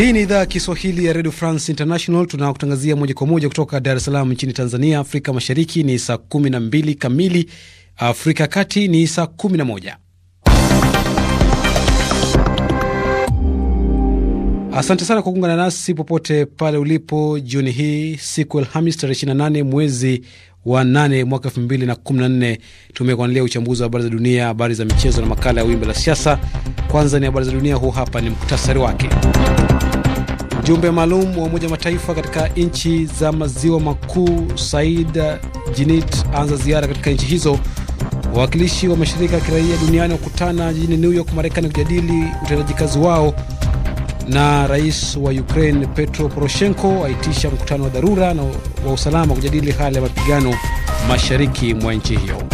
Hii ni idhaa ya Kiswahili ya Radio France International. Tunakutangazia moja kwa moja kutoka Dar es Salaam nchini Tanzania. Afrika Mashariki ni saa 12 kamili, Afrika ya Kati ni saa 11. Asante sana kwa kuungana nasi popote pale ulipo jioni hii, siku Alhamis tarehe 28 mwezi wa 8 mwaka 2014. Tumekuandalia uchambuzi wa habari za dunia, habari za michezo na makala ya wimbi la siasa. Kwanza ni habari za dunia, huu hapa ni mktasari wake. Mjumbe maalum wa Umoja Mataifa katika nchi za maziwa makuu Said Jinit anza ziara katika nchi hizo. Wawakilishi wa mashirika ya kiraia duniani wakutana jijini New York, Marekani, kujadili utendaji kazi wao. Na rais wa Ukraine Petro Poroshenko aitisha mkutano wa dharura na wa usalama kujadili hali ya mapigano mashariki mwa nchi hiyo.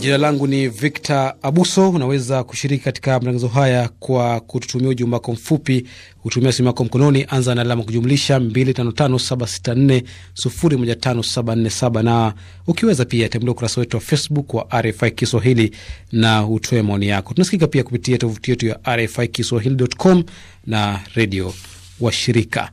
Jina langu ni Victor Abuso. Unaweza kushiriki katika matangazo haya kwa kututumia ujumbe wako mfupi, hutumia simu yako mkononi, anza na alama kujumlisha 255764015747 na ukiweza pia tembelea ukurasa wetu wa Facebook wa RFI Kiswahili na utoe maoni yako. Tunasikika pia kupitia tovuti yetu ya RFI Kiswahili.com na redio washirika.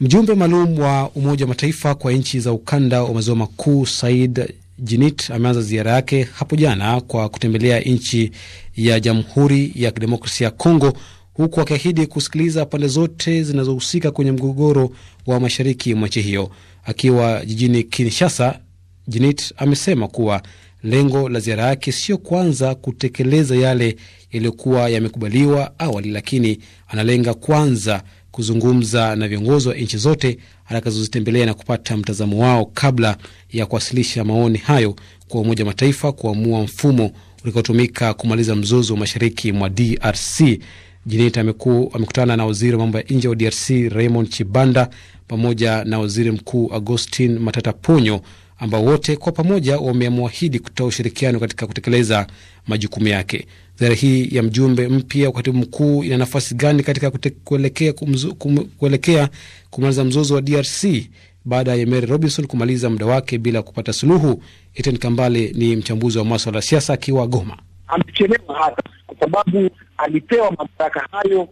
Mjumbe maalum wa Umoja wa Mataifa kwa nchi za ukanda wa maziwa makuu Said Jinit ameanza ziara yake hapo jana kwa kutembelea nchi ya Jamhuri ya Kidemokrasia ya Kongo, huku akiahidi kusikiliza pande zote zinazohusika kwenye mgogoro wa mashariki mwa nchi hiyo. Akiwa jijini Kinshasa, Jinit amesema kuwa lengo la ziara yake sio kwanza kutekeleza yale yaliyokuwa yamekubaliwa awali, lakini analenga kwanza kuzungumza na viongozi wa nchi zote atakazozitembelea na kupata mtazamo wao kabla ya kuwasilisha maoni hayo kwa Umoja wa Mataifa kuamua mfumo ulikotumika kumaliza mzozo wa mashariki mwa DRC. Jinita amekutana na waziri wa mambo ya nje wa DRC Raymond Chibanda pamoja na waziri mkuu Augustin Matata Ponyo ambao wote kwa pamoja wamemwahidi kutoa ushirikiano katika kutekeleza majukumu yake. Ziara hii ya mjumbe mpya wa katibu mkuu ina nafasi gani katika kuelekea kumaliza mzozo wa DRC baada ya Mary Robinson kumaliza muda wake bila kupata suluhu? eten Kambale ni mchambuzi wa maswala ya siasa akiwa Goma. Amechelewa hata kwa sababu alipewa mamlaka hayo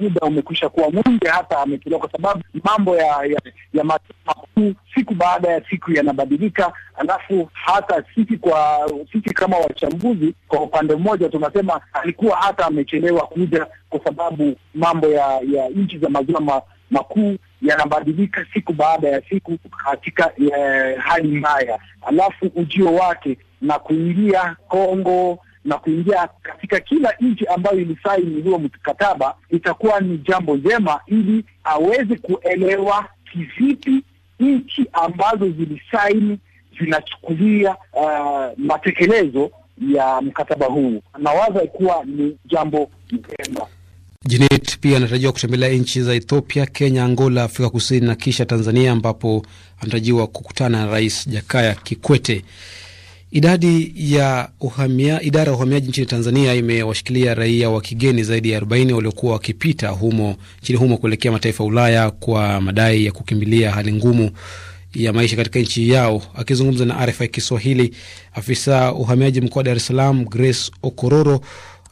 muda umekwisha kuwa mwingi, hata ametolewa kwa sababu mambo ya ya, ya makuu siku baada ya siku yanabadilika. Alafu hata sisi kwa sisi kama wachambuzi, kwa upande mmoja tunasema alikuwa hata amechelewa kuja, kwa sababu mambo ya ya nchi za maziwa ma, makuu yanabadilika siku baada ya siku katika eh, hali mbaya, alafu ujio wake na kuingia Kongo na kuingia katika kila nchi ambayo ilisaini huo mkataba, itakuwa ni jambo jema ili aweze kuelewa kivipi nchi ambazo zilisaini zinachukulia uh, matekelezo ya mkataba huu. Nawaza kuwa ni jambo jema. Janet pia anatarajiwa kutembelea nchi za Ethiopia, Kenya, Angola, Afrika Kusini na kisha Tanzania, ambapo anatarajiwa kukutana na Rais Jakaya Kikwete. Idadi ya uhamia, idara ya uhamiaji nchini Tanzania imewashikilia raia wa kigeni zaidi ya 40 waliokuwa wakipita humo nchini humo kuelekea mataifa ya Ulaya kwa madai ya kukimbilia hali ngumu ya maisha katika nchi yao. Akizungumza na RFI Kiswahili, afisa uhamiaji mkoa wa Dar es Salaam Grace Okororo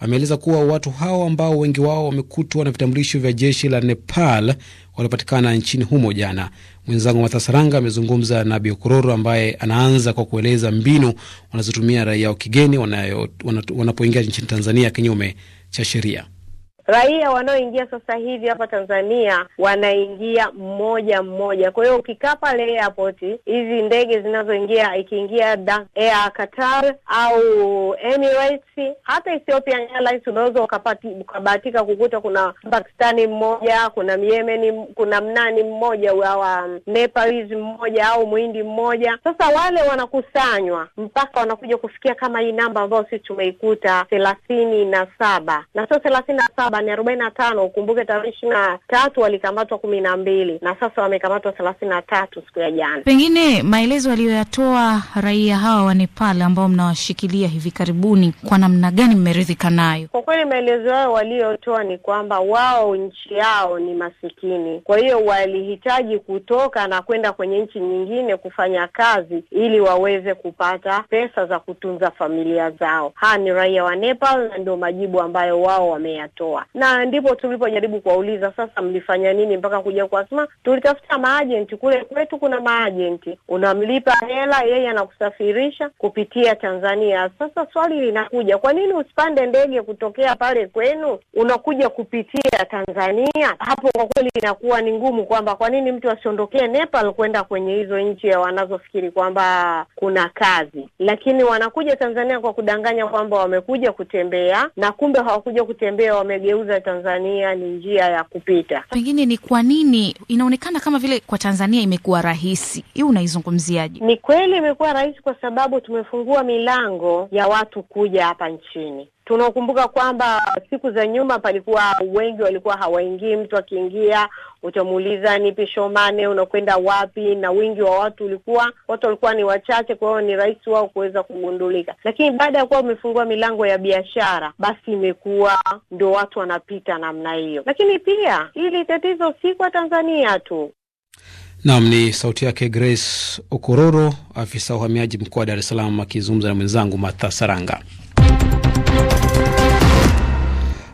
ameeleza kuwa watu hao ambao wengi wao wamekutwa na vitambulisho vya jeshi la Nepal walipatikana nchini humo jana. Mwenzangu Mathasaranga amezungumza na Biokororo ambaye anaanza kwa kueleza mbinu wanazotumia raia wa kigeni wanapoingia nchini Tanzania kinyume cha sheria. Raia wanaoingia sasa hivi hapa Tanzania wanaingia mmoja mmoja. Kwa hiyo ukikaa pale airport, hizi ndege zinazoingia, ikiingia Air Qatar au Emirates, hata Ethiopian Airlines, unaweza ukabahatika kukuta kuna Pakistani mmoja, kuna Myemeni, kuna mnani mmoja wa Nepalese mmoja au Muhindi mmoja. Sasa wale wanakusanywa mpaka wanakuja kufikia kama hii namba ambayo sisi tumeikuta thelathini na saba na sio thelathini na saba saba ni arobaini na tano. Ukumbuke tarehe ishirini na tatu walikamatwa kumi na mbili na sasa wamekamatwa thelathini na tatu siku ya jana. Pengine maelezo aliyoyatoa raia hawa wa Nepal ambao mnawashikilia hivi karibuni, kwa namna gani mmeridhika nayo? Kwa kweli maelezo yao waliyotoa ni kwamba wao nchi yao ni masikini, kwa hiyo walihitaji kutoka na kwenda kwenye nchi nyingine kufanya kazi ili waweze kupata pesa za kutunza familia zao. Haya ni raia wa Nepal na ndio majibu ambayo wao wameyatoa na ndipo tulipojaribu kuwauliza, sasa mlifanya nini mpaka kuja kuwasema? Tulitafuta maajenti kule kwetu, kuna maajenti unamlipa hela, yeye anakusafirisha kupitia Tanzania. Sasa swali linakuja, kwa nini usipande ndege kutokea pale kwenu unakuja kupitia Tanzania? Hapo kwa kweli inakuwa ni ngumu kwamba kwa nini mtu asiondokee Nepal kwenda kwenye hizo nchi wanazofikiri kwamba kuna kazi, lakini wanakuja Tanzania kwa kudanganya kwamba wamekuja kutembea na kumbe hawakuja kutembea, wamege kuigeuza Tanzania ni njia ya kupita. Pengine ni kwa nini inaonekana kama vile kwa Tanzania imekuwa rahisi? Hii unaizungumziaje? Ni kweli imekuwa rahisi kwa sababu tumefungua milango ya watu kuja hapa nchini tunakumbuka kwamba siku za nyuma palikuwa wengi walikuwa hawaingii. Mtu akiingia utamuuliza nipi shomane, unakwenda wapi? Na wingi wa watu ulikuwa watu walikuwa ni wachache, kwa hiyo ni rahisi wao kuweza kugundulika. Lakini baada ya kuwa umefungua milango ya biashara, basi imekuwa ndio watu wanapita namna hiyo. Lakini pia hili tatizo si kwa Tanzania tu. Nam ni sauti yake Grace Okororo, afisa uhamiaji mkoa wa Dar es Salaam, akizungumza na mwenzangu matha Saranga.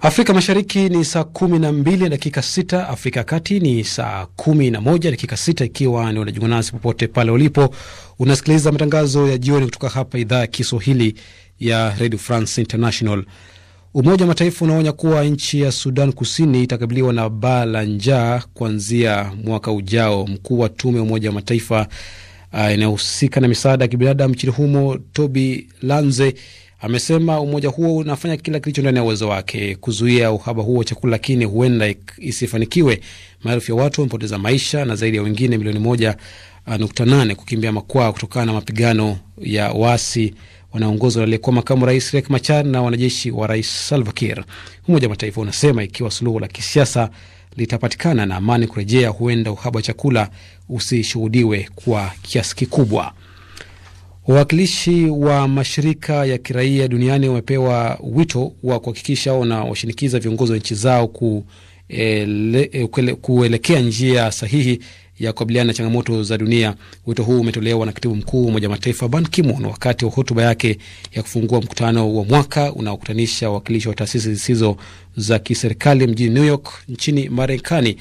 Afrika Mashariki ni saa kumi na mbili dakika sita. Afrika ya Kati ni saa kumi na moja dakika sita. Ikiwa ni unajunga nasi popote pale ulipo, unasikiliza matangazo ya jioni kutoka hapa idhaa ya Kiswahili ya Radio France International. Umoja wa Mataifa unaonya kuwa nchi ya Sudan Kusini itakabiliwa na baa la njaa kuanzia mwaka ujao. Mkuu wa tume ya Umoja wa Mataifa eh, inayohusika na misaada ya kibinadamu nchini humo Toby Lanze Amesema umoja huo unafanya kila kilicho ndani ya uwezo wake kuzuia uhaba huo wa chakula, lakini huenda isifanikiwe. Maelfu ya watu wamepoteza maisha na zaidi ya wengine milioni moja ah, nukta nane kukimbia makwao kutokana na mapigano ya waasi wanaongozwa na aliyekuwa makamu rais Riek Machar na wanajeshi wa rais Salva Kiir. Umoja wa Mataifa unasema ikiwa suluhu la kisiasa litapatikana na amani kurejea, huenda uhaba wa chakula usishuhudiwe kwa kiasi kikubwa. Wawakilishi wa mashirika ya kiraia duniani wamepewa wito wa kuhakikisha na washinikiza viongozi wa nchi zao eh, eh, kuele, kuelekea njia sahihi ya kukabiliana na changamoto za dunia. Wito huu umetolewa na katibu mkuu wa Umoja Mataifa Ban Ki-moon wakati wa hotuba yake ya kufungua mkutano wa mwaka unaokutanisha wawakilishi wa taasisi zisizo za kiserikali mjini New York nchini Marekani.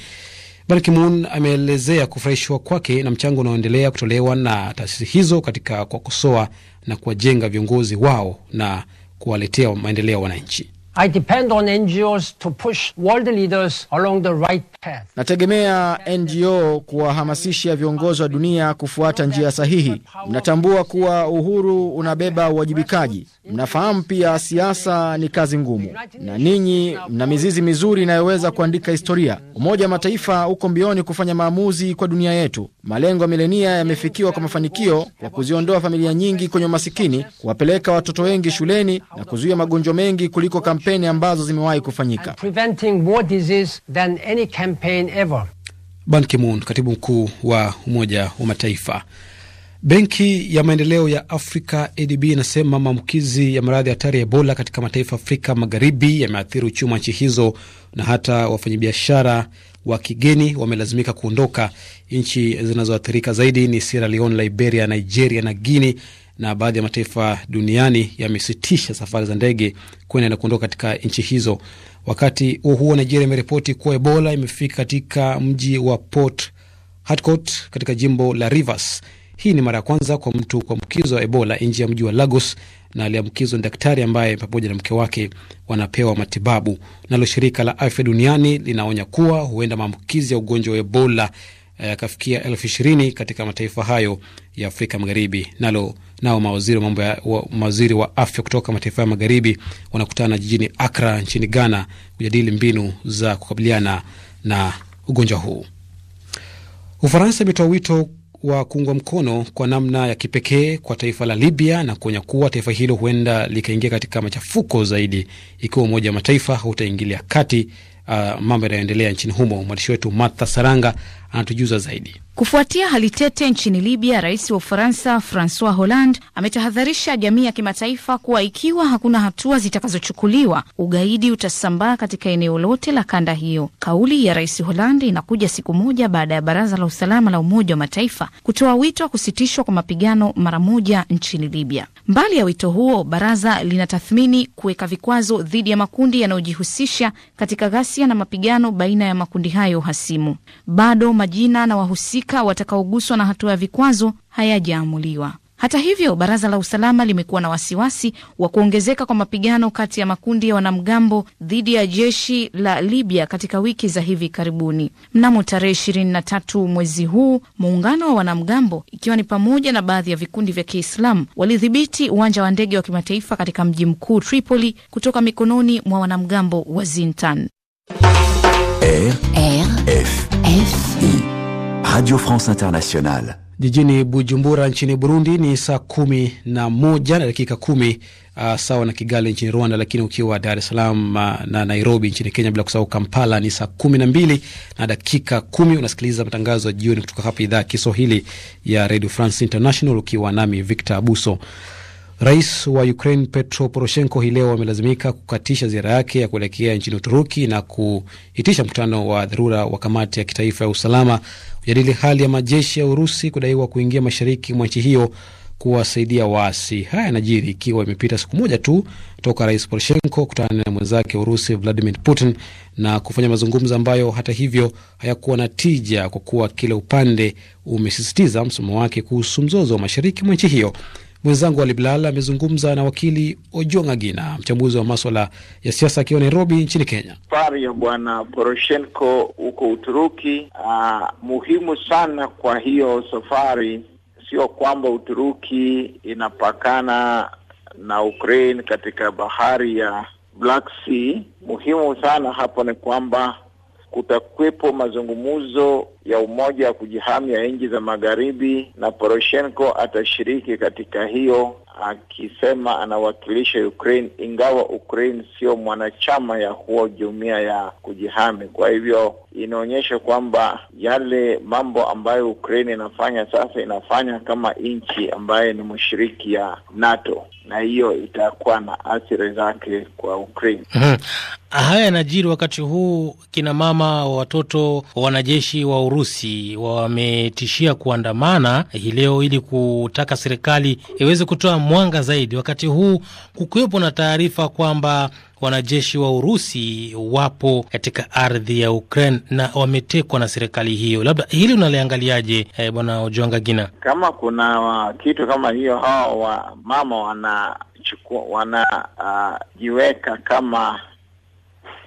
Ban Ki-moon ameelezea kufurahishwa kwake na mchango unaoendelea kutolewa na taasisi hizo katika kuwakosoa na kuwajenga viongozi wao na kuwaletea maendeleo ya wananchi. I depend on NGOs to push world leaders along the right Nategemea NGO kuwahamasisha viongozi wa dunia kufuata njia sahihi. Mnatambua kuwa uhuru unabeba uwajibikaji. Mnafahamu pia siasa ni kazi ngumu, na ninyi mna mizizi mizuri inayoweza kuandika historia. Umoja wa Mataifa uko mbioni kufanya maamuzi kwa dunia yetu. Malengo ya milenia yamefikiwa kwa mafanikio kwa kuziondoa familia nyingi kwenye umasikini, kuwapeleka watoto wengi shuleni na kuzuia magonjwa mengi kuliko kampeni ambazo zimewahi kufanyika campaign ever. Ban Ki-moon, katibu mkuu wa Umoja wa Mataifa. Benki ya Maendeleo ya Afrika ADB inasema maambukizi ya maradhi hatari ya Ebola katika mataifa ya Afrika Magharibi yameathiri uchumi wa nchi hizo na hata wafanyabiashara wa kigeni wamelazimika kuondoka. Nchi zinazoathirika zaidi ni Sierra Leone, Liberia, Nigeria na guini na baadhi ya mataifa duniani yamesitisha safari za ndege kwenda na kuondoka katika nchi hizo. Wakati huo huo, Nigeria imeripoti kuwa Ebola imefika katika mji wa Port Harcourt katika jimbo la Rivers. Hii ni mara ya kwanza kwa mtu kuambukizwa Ebola nje ya mji wa Lagos, na aliambukizwa ni daktari ambaye pamoja na mke wake wanapewa matibabu. Nalo shirika la afya duniani linaonya kuwa huenda maambukizi ya ugonjwa wa Ebola eh, yakafikia elfu ishirini katika mataifa hayo ya Afrika Magharibi. Nalo nao mawaziri wa mambo ya mawaziri wa afya kutoka mataifa ya magharibi wanakutana jijini Akra nchini Ghana kujadili mbinu za kukabiliana na ugonjwa huu. Ufaransa imetoa wito wa kuungwa mkono kwa namna ya kipekee kwa taifa la Libya na kuonya kuwa taifa hilo huenda likaingia katika machafuko zaidi ikiwa Umoja wa Mataifa hautaingilia kati uh, mambo yanayoendelea nchini humo. Mwandishi wetu Martha Saranga anatujuza zaidi. Kufuatia hali tete nchini Libya, rais wa Ufaransa Francois Hollande ametahadharisha jamii ya kimataifa kuwa ikiwa hakuna hatua zitakazochukuliwa, ugaidi utasambaa katika eneo lote la kanda hiyo. Kauli ya rais Hollande inakuja siku moja baada ya baraza la usalama la Umoja wa Mataifa kutoa wito wa kusitishwa kwa mapigano mara moja nchini Libya. Mbali ya wito huo, baraza linatathmini kuweka vikwazo dhidi ya makundi yanayojihusisha katika ghasia na mapigano baina ya makundi hayo hasimu. Bado majina na wahusika watakaoguswa na hatua ya vikwazo hayajaamuliwa. Hata hivyo, baraza la usalama limekuwa na wasiwasi wa kuongezeka kwa mapigano kati ya makundi ya wanamgambo dhidi ya jeshi la Libya katika wiki za hivi karibuni. Mnamo tarehe ishirini na tatu mwezi huu, muungano wa wanamgambo ikiwa ni pamoja na baadhi ya vikundi vya Kiislamu walidhibiti uwanja wa ndege wa kimataifa katika mji mkuu Tripoli kutoka mikononi mwa wanamgambo wa Zintan Radio France Internationale. Jijini Bujumbura nchini Burundi ni saa kumi na moja na dakika kumi uh, sawa na Kigali nchini Rwanda, lakini ukiwa Dar es Salaam uh, na Nairobi nchini Kenya, bila kusahau Kampala ni saa kumi na mbili na dakika kumi. Unasikiliza matangazo ya jioni kutoka hapa idhaa ya Kiswahili ya Radio France International, ukiwa nami Victor Abuso. Rais wa Ukraine Petro Poroshenko hii leo amelazimika kukatisha ziara yake ya kuelekea nchini Uturuki na kuitisha mkutano wa dharura wa kamati ya kitaifa ya usalama kujadili hali ya majeshi ya Urusi kudaiwa kuingia mashariki mwa nchi hiyo kuwasaidia waasi. Haya yanajiri ikiwa imepita siku moja tu toka Rais Poroshenko kutana na mwenzake Urusi Vladimir Putin na kufanya mazungumzo ambayo hata hivyo hayakuwa na tija, kwa kuwa kila upande umesisitiza msimamo wake kuhusu mzozo wa mashariki mwa nchi hiyo. Mwenzangu Ali Bilal amezungumza na wakili Ojong Agina, mchambuzi wa maswala ya siasa, akiwa Nairobi nchini Kenya. Safari ya bwana Poroshenko huko Uturuki aa, ah, muhimu sana. Kwa hiyo safari sio kwamba Uturuki inapakana na Ukraine katika bahari ya Black Sea. Muhimu sana hapo ni kwamba kutakwepo mazungumzo ya umoja wa kujihami ya nchi za magharibi, na Poroshenko atashiriki katika hiyo akisema anawakilisha Ukraine, ingawa Ukraine sio mwanachama ya huo jumuiya ya kujihami. Kwa hivyo inaonyesha kwamba yale mambo ambayo Ukraine inafanya sasa, inafanya kama nchi ambaye ni mshiriki ya NATO, na hiyo itakuwa na athari zake kwa Ukraine. Mhm. Haya yanajiri wakati huu kina mama wa watoto wanajeshi wa Urusi wametishia kuandamana hii leo ili kutaka serikali iweze kutoa mwanga zaidi, wakati huu kukiwepo na taarifa kwamba wanajeshi wa Urusi wapo katika ardhi ya Ukraine na wametekwa na serikali hiyo. Labda hili unaliangaliaje, eh, bwana Ojuanga Gina? Kama kuna kitu kama hiyo, hao wa mama wanachukua wanajiweka ah, uh, kama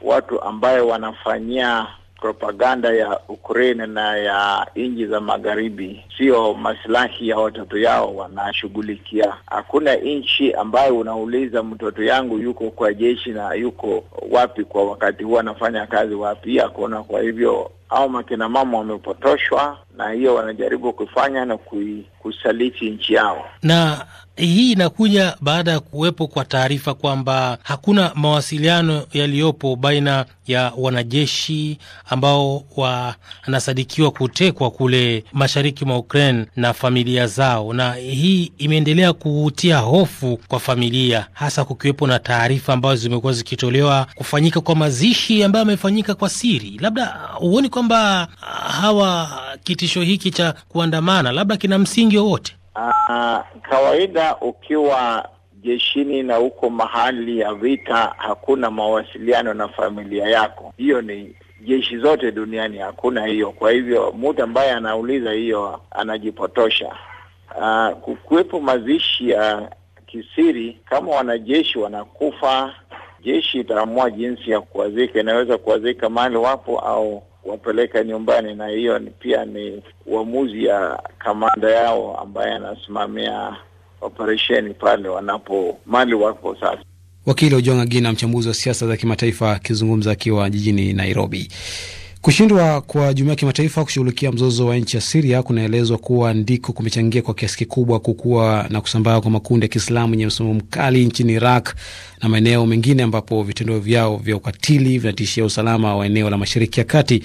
watu ambayo wanafanyia propaganda ya Ukraine na ya nchi za magharibi sio maslahi ya watoto yao wanashughulikia. Hakuna nchi ambayo unauliza mtoto yangu yuko kwa jeshi na yuko wapi kwa wakati huu, anafanya kazi wapi? Hakuna. Kwa hivyo au makina mama wamepotoshwa na hiyo wanajaribu kufanya na kui, kusaliti nchi yao, na hii inakuja baada ya kuwepo kwa taarifa kwamba hakuna mawasiliano yaliyopo baina ya wanajeshi ambao wanasadikiwa kutekwa kule mashariki mwa Ukraine na familia zao, na hii imeendelea kutia hofu kwa familia, hasa kukiwepo na taarifa ambazo zimekuwa zikitolewa kufanyika kwa mazishi ambayo yamefanyika kwa siri. Labda huoni kwamba ah, hawa kitisho hiki cha kuandamana labda kina msingi wowote? Ah, kawaida ukiwa jeshini na uko mahali ya vita, hakuna mawasiliano na familia yako. Hiyo ni jeshi zote duniani hakuna hiyo. Kwa hivyo mtu ambaye anauliza hiyo anajipotosha. Uh, kuwepo mazishi ya kisiri, kama wanajeshi wanakufa, jeshi itaamua jinsi ya kuwazika. Inaweza kuwazika mahali wapo au wapeleka nyumbani, na hiyo ni pia ni uamuzi ya kamanda yao ambaye anasimamia operesheni pale wanapo mali wapo sasa. Wakili Ojonga Gina, mchambuzi wa siasa za kimataifa, akizungumza akiwa jijini Nairobi. Kushindwa kwa jumuiya ya kimataifa kushughulikia mzozo wa nchi ya Siria kunaelezwa kuwa ndiko kumechangia kwa kiasi kikubwa kukua na kusambaa kwa makundi ya Kiislamu yenye msimamo mkali nchini Iraq na maeneo mengine ambapo vitendo vyao vya ukatili vinatishia usalama wa eneo la Mashariki ya Kati.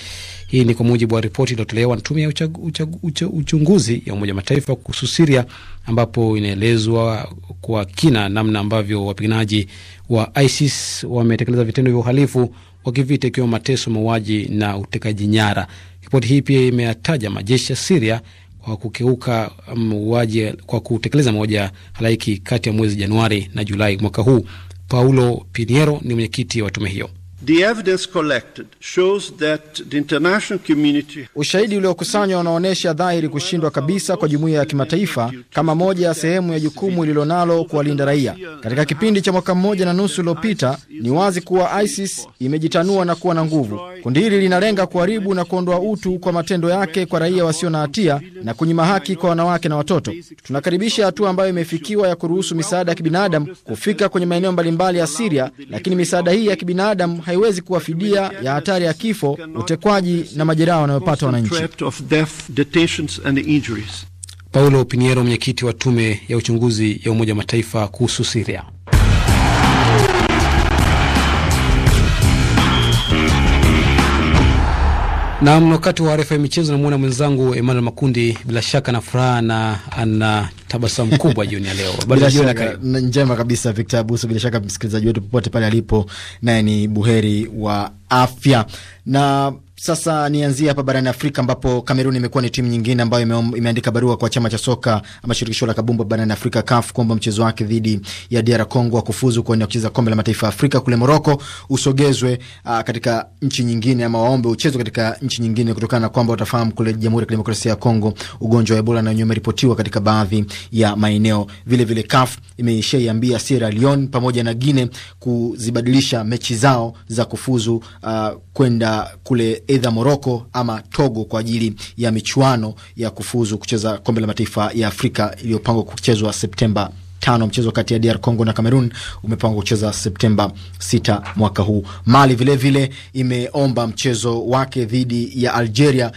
Hii ni kwa mujibu wa ripoti iliyotolewa na tume ya uchag, uchag, uchag, uchunguzi ya Umoja wa Mataifa kuhusu Siria, ambapo inaelezwa kwa kina namna ambavyo wapiganaji wa ISIS wametekeleza vitendo vya uhalifu wa kivita ikiwemo mateso, mauaji na utekaji nyara. Ripoti hii pia imeyataja majeshi ya Siria kwa kukeuka um, mauaji, kwa kutekeleza mauaji ya halaiki kati ya mwezi Januari na Julai mwaka huu. Paulo Piniero ni mwenyekiti wa tume hiyo. Ushahidi uliokusanywa unaonyesha dhahiri kushindwa kabisa kwa jumuiya ya kimataifa kama moja ya sehemu ya jukumu ililonalo kuwalinda raia. Katika kipindi cha mwaka mmoja na nusu uliopita, ni wazi kuwa ISIS imejitanua na kuwa na nguvu. Kundi hili linalenga kuharibu na kuondoa utu kwa matendo yake kwa raia wasio na hatia na kunyima haki kwa wanawake na watoto. Tunakaribisha hatua ambayo imefikiwa ya kuruhusu misaada ya kibinadamu kufika kwenye maeneo mbalimbali ya Siria, lakini misaada hii ya kibinadamu haiwezi kuwa fidia ya hatari ya kifo, utekwaji na majeraha wanayopata wananchi. Paulo Piniero, mwenyekiti wa tume ya uchunguzi ya Umoja wa Mataifa kuhusu Siria. Nam, wakati wa arifa ya michezo, namwona mwenzangu Emmanuel Makundi bila shaka na furaha na ana tabasamu kubwa jioni ya leo. njema kabisa, Victor Abuso. Bila shaka msikilizaji wetu popote pale alipo, naye ni buheri wa afya na sasa nianzie hapa barani Afrika ambapo Kamerun imekuwa ni timu nyingine ambayo imeandika barua kwa chama cha soka ama shirikisho la kabumba barani Afrika CAF kwamba mchezo wake dhidi ya DR Congo wa kufuzu kuenda kucheza kombe la mataifa ya Afrika kule Moroko usogezwe aa, ah, katika nchi nyingine ama waombe uchezwe katika nchi nyingine kutokana na kwamba watafahamu kule Jamhuri ya Kidemokrasia ya Congo ugonjwa wa Ebola na wenyewe umeripotiwa katika baadhi ya maeneo. Vile vile CAF imeshaiambia Sierra Leone pamoja na Guinea kuzibadilisha mechi zao za kufuzu aa, ah, kwenda kule edha Moroko ama Togo kwa ajili ya michuano ya kufuzu kucheza kombe la mataifa ya Afrika iliyopangwa kuchezwa Septemba tano. Mchezo kati ya DR Congo na Cameroon umepangwa kucheza Septemba 6 mwaka huu. Mali vilevile vile imeomba mchezo wake dhidi ya Algeria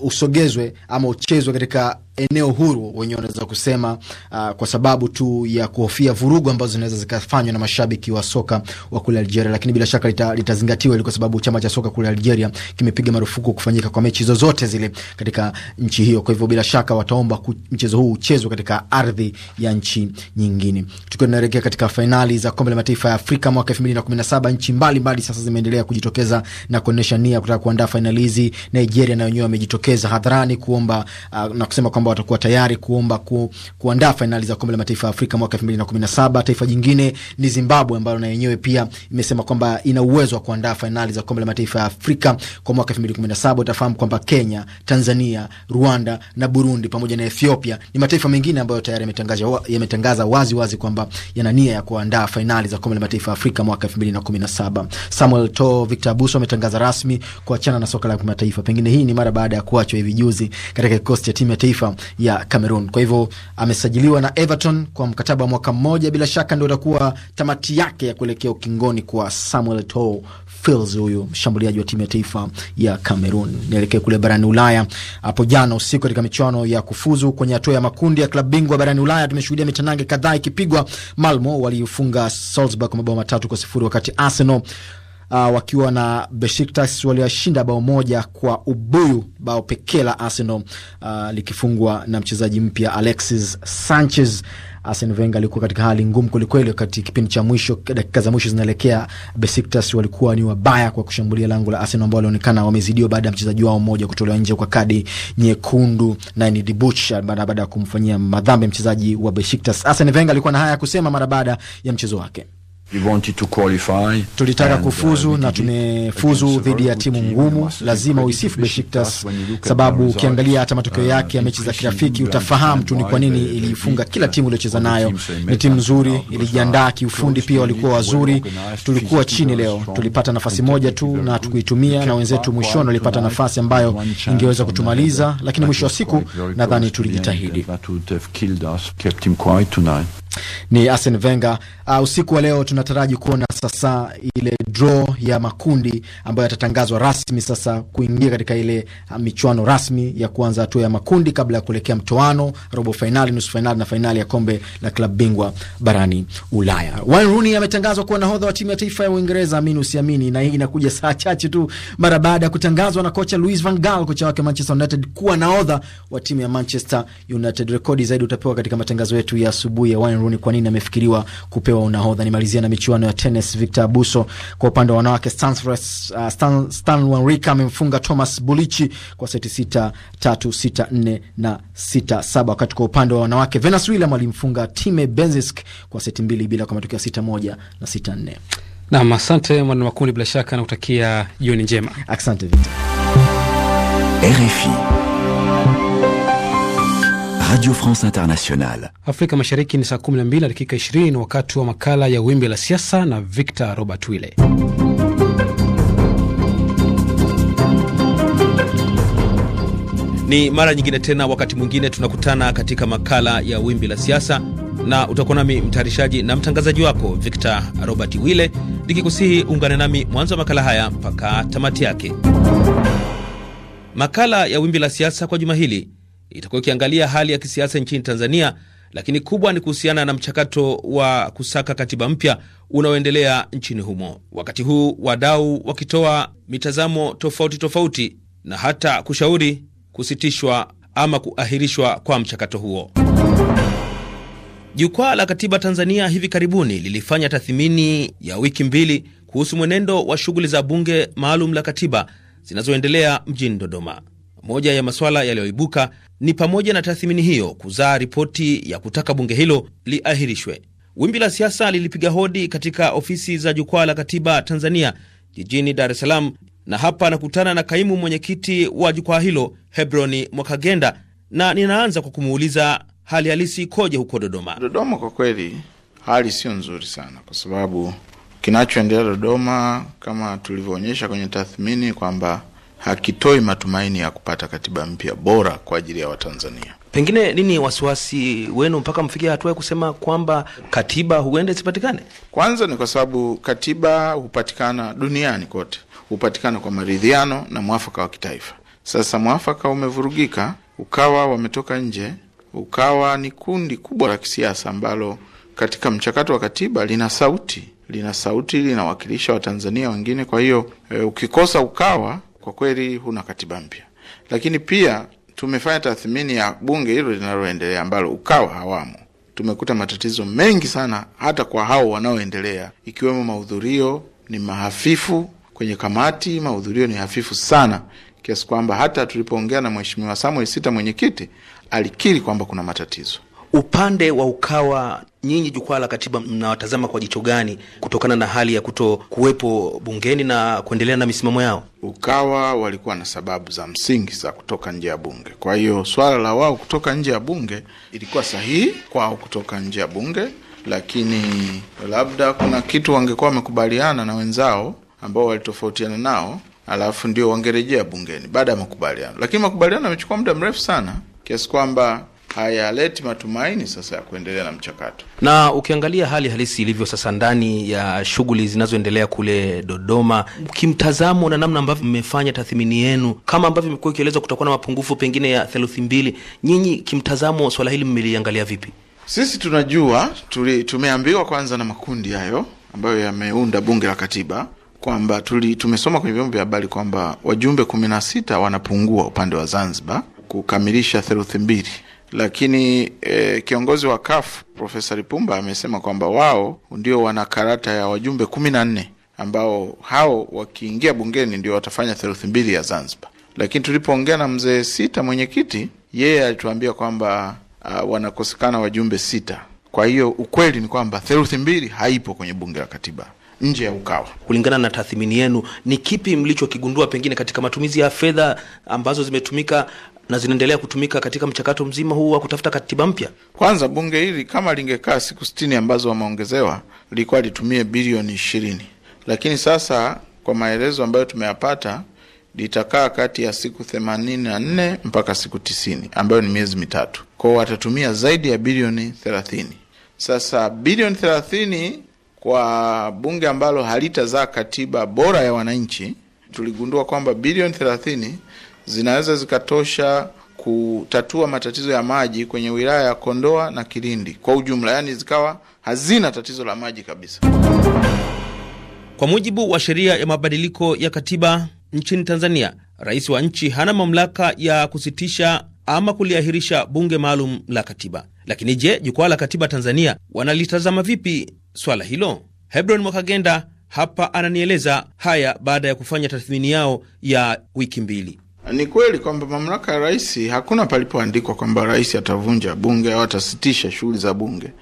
uh, usogezwe ama uchezwe katika eneo huru wenyewe wanaweza kusema uh, kwa sababu tu ya kuhofia vurugu ambazo zinaweza zikafanywa na mashabiki wa soka wa kule Algeria, lakini bila shaka litazingatiwa lita, litazingatiwa ili kwa sababu chama cha soka kule Algeria kimepiga marufuku kufanyika kwa mechi zozote zile katika nchi hiyo. Kwa hivyo bila shaka wataomba mchezo huu uchezwe katika ardhi ya nchi nyingine. Tukiwa tunaelekea katika fainali za kombe la mataifa ya Afrika mwaka 2017 nchi mbalimbali sasa zimeendelea kujitokeza na kuonesha nia kutaka kuandaa fainali hizi. Nigeria na wenyewe wamejitokeza hadharani kuomba uh, na kusema kwamba kwamba watakuwa tayari kuomba ku, kuandaa fainali za kombe la mataifa ya Afrika mwaka 2017. Taifa jingine ni Zimbabwe ambayo na yenyewe pia imesema kwamba ina uwezo wa kuandaa fainali za kombe la mataifa ya Afrika kwa mwaka 2017. Utafahamu kwamba Kenya, Tanzania, Rwanda na Burundi pamoja na Ethiopia ni mataifa mengine ambayo tayari yametangaza yametangaza wazi wazi kwamba yana nia ya kuandaa fainali za kombe la mataifa ya Afrika mwaka 2017. Samuel To, Victor Abuso ametangaza rasmi kuachana na soka la kimataifa. Pengine hii ni mara baada ya kuachwa hivi juzi katika kikosi cha timu ya taifa ya Cameroon. Kwa hivyo amesajiliwa na Everton kwa mkataba wa mwaka mmoja, bila shaka ndio itakuwa tamati yake ya kuelekea ukingoni kwa Samuel Eto'o Fils, huyu mshambuliaji wa timu ya taifa ya Cameroon. Nielekee kule barani Ulaya. Hapo jana usiku katika michuano ya kufuzu kwenye hatua ya makundi ya klabu bingwa barani Ulaya tumeshuhudia mitanange kadhaa ikipigwa. Malmo waliifunga Salzburg kwa mabao matatu kwa sifuri wakati Arsenal uh, wakiwa na Besiktas walioshinda bao moja kwa ubuyu, bao pekee la Arsenal uh, likifungwa na mchezaji mpya Alexis Sanchez. Arsene Wenger alikuwa katika hali ngumu kwelikweli wakati kipindi cha mwisho, dakika za mwisho zinaelekea. Besiktas walikuwa ni wabaya kwa kushambulia lango la Arsenal ambao walionekana wamezidiwa baada ya mchezaji wao mmoja kutolewa nje kwa kadi nyekundu na ni Dibuch ah, baada ya kumfanyia madhambi mchezaji wa Besiktas. Arsene Wenger alikuwa na haya ya kusema mara baada ya mchezo wake. Tulitaka uh, kufuzu na tumefuzu dhidi ya timu ngumu. Lazima uisifu Beshiktas sababu ukiangalia hata matokeo uh, yake ya mechi za kirafiki utafahamu tu ni kwa nini iliifunga kila timu iliyocheza nayo. Ni timu nzuri, ilijiandaa kiufundi, pia walikuwa wazuri. Tulikuwa chini leo, tulipata nafasi moja tu na tukuitumia, na wenzetu mwishoni walipata nafasi ambayo ingeweza kutumaliza, lakini mwisho wa siku nadhani tulijitahidi. Ni Arsene Wenger uh, usiku wa leo tuna tunataraji kuona sasa ile draw ya makundi ambayo yatatangazwa rasmi sasa kuingia katika ile uh, michuano rasmi ya kuanza hatua ya makundi kabla ya kuelekea mtoano, robo fainali, nusu fainali na fainali ya kombe la klabu bingwa barani Ulaya. Wayne Rooney ametangazwa kuwa nahodha wa timu ya taifa ya Uingereza, amini usiamini, na hii inakuja saa chache tu mara baada ya kutangazwa na kocha Louis van Gaal, kocha wake Manchester United, kuwa nahodha wa timu ya Manchester United. Rekodi zaidi utapewa katika matangazo yetu ya asubuhi ya Wayne Rooney, kwa nini amefikiriwa kupewa unahodha. Nimalizia na michuano ya tenis. Victor Abuso kwa upande wa wanawake, uh, Stan, Stan amemfunga Thomas Bulichi kwa seti sita tatu sita nne na sita saba. Wakati kwa upande wa wanawake, Venus William alimfunga Time Benzisk kwa seti mbili bila kwa matokeo sita moja na sita nne. Nam, asante Mwana Makundi, bila shaka nakutakia jioni njema. Asante Victor. RFI Radio France Internationale. Afrika Mashariki ni saa 12 na dakika 20, wakati wa makala ya wimbi la siasa na Victor Robert Wile. Ni mara nyingine tena, wakati mwingine tunakutana katika makala ya wimbi la siasa, na utakuwa nami mtayarishaji na mtangazaji wako Victor Robert Wile, nikikusihi uungane nami mwanzo wa makala haya mpaka tamati yake. Makala ya wimbi la siasa kwa juma hili itakuwa ikiangalia hali ya kisiasa nchini Tanzania, lakini kubwa ni kuhusiana na mchakato wa kusaka katiba mpya unaoendelea nchini humo, wakati huu wadau wakitoa mitazamo tofauti tofauti na hata kushauri kusitishwa ama kuahirishwa kwa mchakato huo. Jukwaa la Katiba Tanzania hivi karibuni lilifanya tathmini ya wiki mbili kuhusu mwenendo wa shughuli za bunge maalum la katiba zinazoendelea mjini Dodoma. Moja ya masuala yaliyoibuka ni pamoja na tathmini hiyo kuzaa ripoti ya kutaka bunge hilo liahirishwe. Wimbi la siasa lilipiga hodi katika ofisi za Jukwaa la Katiba Tanzania jijini Dar es Salaam, na hapa anakutana na kaimu mwenyekiti wa jukwaa hilo Hebroni Mwakagenda, na ninaanza kwa kumuuliza hali halisi ikoje huko Dodoma? Dodoma kwa kweli hali sio nzuri sana, kwa sababu kinachoendelea Dodoma kama tulivyoonyesha kwenye tathmini kwamba hakitoi matumaini ya kupata katiba mpya bora kwa ajili ya Watanzania. Pengine nini wasiwasi wenu mpaka mfikia hatua ya kusema kwamba katiba huenda isipatikane? Kwanza ni kwa sababu katiba hupatikana duniani kote, hupatikana kwa maridhiano na mwafaka wa kitaifa. Sasa mwafaka umevurugika, ukawa wametoka nje, ukawa ni kundi kubwa la kisiasa ambalo katika mchakato wa katiba lina sauti, lina sauti, linawakilisha Watanzania wengine. Kwa hiyo e, ukikosa ukawa kwa kweli huna katiba mpya. Lakini pia tumefanya tathmini ya bunge hilo linaloendelea ambalo ukawa hawamo, tumekuta matatizo mengi sana, hata kwa hao wanaoendelea, ikiwemo mahudhurio ni mahafifu kwenye kamati, mahudhurio ni hafifu sana kiasi kwamba hata tulipoongea na Mheshimiwa Samuel Sita, mwenyekiti alikiri kwamba kuna matatizo. Upande wa Ukawa, nyinyi jukwaa la katiba mnawatazama kwa jicho gani kutokana na hali ya kuto kuwepo bungeni na kuendelea na misimamo yao? Ukawa walikuwa na sababu za msingi za kutoka nje ya bunge, kwa hiyo swala la wao kutoka nje ya bunge ilikuwa sahihi kwao kutoka nje ya bunge, lakini labda kuna kitu wangekuwa wamekubaliana na wenzao ambao walitofautiana nao, alafu ndio wangerejea bungeni baada ya makubaliano, lakini makubaliano yamechukua muda mrefu sana kiasi kwamba hayaleti matumaini sasa ya kuendelea na mchakato. Na ukiangalia hali halisi ilivyo sasa ndani ya shughuli zinazoendelea kule Dodoma, kimtazamo na namna ambavyo mmefanya tathmini yenu, kama ambavyo imekuwa ikielezwa kutakuwa na mapungufu pengine ya theluthi mbili, nyinyi kimtazamo, swala hili mmeliangalia vipi? Sisi tunajua tuli, tumeambiwa kwanza na makundi hayo ambayo yameunda bunge la katiba kwamba tuli, tumesoma kwenye vyombo vya habari kwamba wajumbe kumi na sita wanapungua upande wa Zanzibar kukamilisha theluthi mbili lakini e, kiongozi wa kaf Profesa Lipumba amesema kwamba wao ndio wana karata ya wajumbe kumi na nne ambao hao wakiingia bungeni ndio watafanya theluthi mbili ya Zanzibar. Lakini tulipoongea na mzee Sita, mwenyekiti, yeye alituambia kwamba uh, wanakosekana wajumbe sita. Kwa hiyo ukweli ni kwamba theluthi mbili haipo kwenye bunge la katiba nje ya Ukawa. Kulingana na tathmini yenu, ni kipi mlichokigundua pengine katika matumizi ya fedha ambazo zimetumika na zinaendelea kutumika katika mchakato mzima huu wa kutafuta katiba mpya. Kwanza bunge hili kama lingekaa siku sitini ambazo wameongezewa, lilikuwa litumie bilioni ishirini, lakini sasa kwa maelezo ambayo tumeyapata litakaa kati ya siku themanini na nne mpaka siku tisini ambayo ni miezi mitatu, kwao watatumia zaidi ya bilioni thelathini. Sasa bilioni thelathini kwa bunge ambalo halitazaa katiba bora ya wananchi, tuligundua kwamba bilioni thelathini zinaweza zikatosha kutatua matatizo ya maji kwenye wilaya ya Kondoa na Kilindi kwa ujumla, yaani zikawa hazina tatizo la maji kabisa. Kwa mujibu wa sheria ya mabadiliko ya katiba nchini Tanzania, rais wa nchi hana mamlaka ya kusitisha ama kuliahirisha bunge maalum la katiba. Lakini je, jukwaa la katiba Tanzania wanalitazama vipi swala hilo? Hebron Mwakagenda hapa ananieleza haya baada ya kufanya tathmini yao ya wiki mbili. Ni kweli kwamba mamlaka ya rais, hakuna palipoandikwa kwamba rais atavunja bunge au atasitisha shughuli za bunge,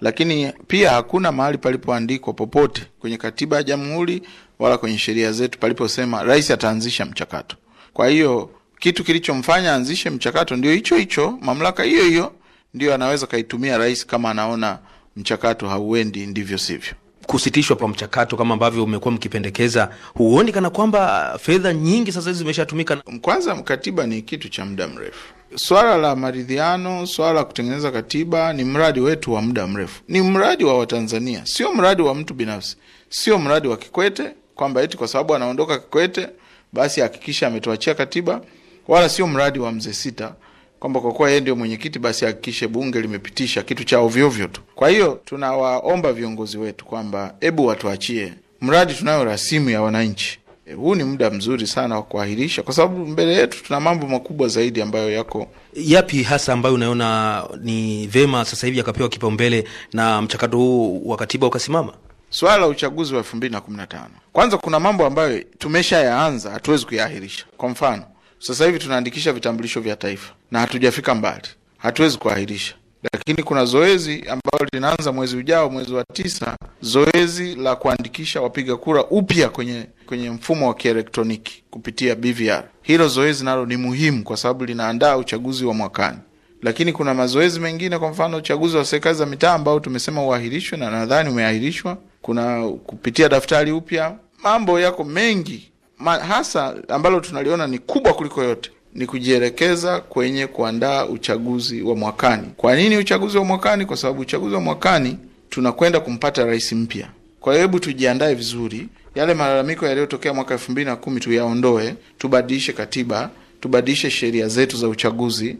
lakini pia hakuna mahali palipoandikwa popote kwenye katiba ya jamhuri wala kwenye sheria zetu paliposema rais ataanzisha mchakato. Kwa hiyo kitu kilichomfanya aanzishe mchakato ndio hicho hicho, mamlaka hiyo hiyo ndio anaweza kaitumia rais kama anaona mchakato hauendi ndivyo sivyo kusitishwa kwa mchakato kama ambavyo umekuwa mkipendekeza, huoni kana kwamba fedha nyingi sasa hizi zimeshatumika? Kwanza, katiba ni kitu cha muda mrefu. Swala la maridhiano, swala la kutengeneza katiba ni mradi wetu wa muda mrefu, ni mradi wa Watanzania, sio mradi wa mtu binafsi, sio mradi wa Kikwete kwamba eti kwa sababu anaondoka Kikwete basi hakikisha ametuachia katiba, wala sio mradi wa mzee Sita kwamba kwa kuwa yeye ndio mwenyekiti basi hakikishe bunge limepitisha kitu cha ovyoovyo tu. Kwa hiyo tunawaomba viongozi wetu kwamba hebu watuachie mradi, tunayo rasimu ya wananchi. E, huu ni muda mzuri sana wa kuahirisha, kwa sababu mbele yetu tuna mambo makubwa zaidi ambayo yako. Yapi hasa ambayo unaona ni vema sasa hivi akapewa kipaumbele na mchakato huu wa katiba ukasimama? Swala la uchaguzi wa elfu mbili na kumi na tano, kwanza kuna mambo ambayo tumeshayaanza, hatuwezi kuyaahirisha. Kwa mfano sasa hivi tunaandikisha vitambulisho vya taifa na hatujafika mbali, hatuwezi kuahirisha, lakini kuna zoezi ambalo linaanza mwezi ujao, mwezi wa tisa, zoezi la kuandikisha wapiga kura upya kwenye kwenye mfumo wa kielektroniki kupitia BVR. Hilo zoezi nalo ni muhimu kwa sababu linaandaa uchaguzi wa mwakani, lakini kuna mazoezi mengine, kwa mfano uchaguzi wa serikali za mitaa ambao tumesema uahirishwe na nadhani umeahirishwa. Kuna kupitia daftari upya, mambo yako mengi hasa ambalo tunaliona ni kubwa kuliko yote ni kujielekeza kwenye kuandaa uchaguzi wa mwakani. Kwa nini uchaguzi wa mwakani? Kwa sababu uchaguzi wa mwakani tunakwenda kumpata rais mpya. Kwa hiyo hebu tujiandae vizuri, yale malalamiko yaliyotokea mwaka elfu mbili na kumi tuyaondoe, tubadilishe katiba, tubadilishe sheria zetu za uchaguzi,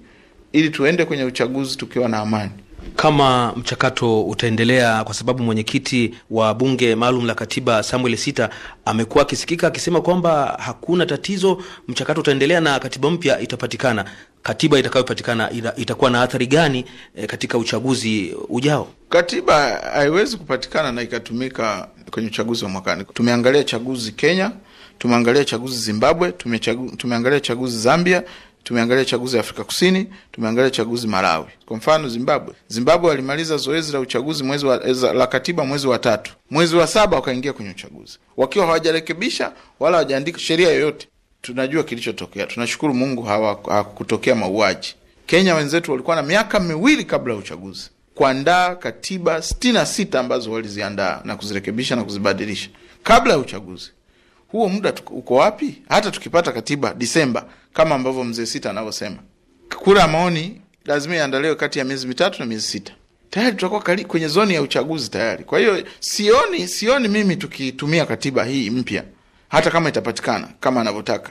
ili tuende kwenye uchaguzi tukiwa na amani kama mchakato utaendelea, kwa sababu mwenyekiti wa bunge maalum la katiba Samuel Sita amekuwa akisikika akisema kwamba hakuna tatizo, mchakato utaendelea na katiba mpya itapatikana. Katiba itakayopatikana itakuwa na athari gani eh, katika uchaguzi ujao? Katiba haiwezi kupatikana na ikatumika kwenye uchaguzi wa mwakani. Tumeangalia chaguzi Kenya, tumeangalia chaguzi Zimbabwe, tumeangalia chaguzi Zambia, tumeangalia chaguzi ya Afrika Kusini, tumeangalia chaguzi Malawi. Kwa mfano Zimbabwe, Zimbabwe walimaliza zoezi la uchaguzi mwezi wa, eh, la katiba mwezi wa tatu, mwezi wa saba wakaingia kwenye uchaguzi wakiwa hawajarekebisha wala hawajaandika sheria yoyote. Tunajua kilichotokea. Tunashukuru Mungu hawakutokea mauaji. Kenya wenzetu walikuwa na miaka miwili kabla ya uchaguzi kuandaa katiba sitini na sita ambazo waliziandaa na kuzirekebisha na kuzibadilisha kabla ya uchaguzi. Huo muda uko wapi? Hata tukipata katiba Disemba kama ambavyo mzee Sita anavyosema. Kura maoni lazima iandaliwe kati ya miezi mitatu na miezi sita. Tayari tutakuwa kwenye zoni ya uchaguzi tayari. Kwa hiyo sioni, sioni mimi tukitumia katiba hii mpya hata kama itapatikana kama anavyotaka.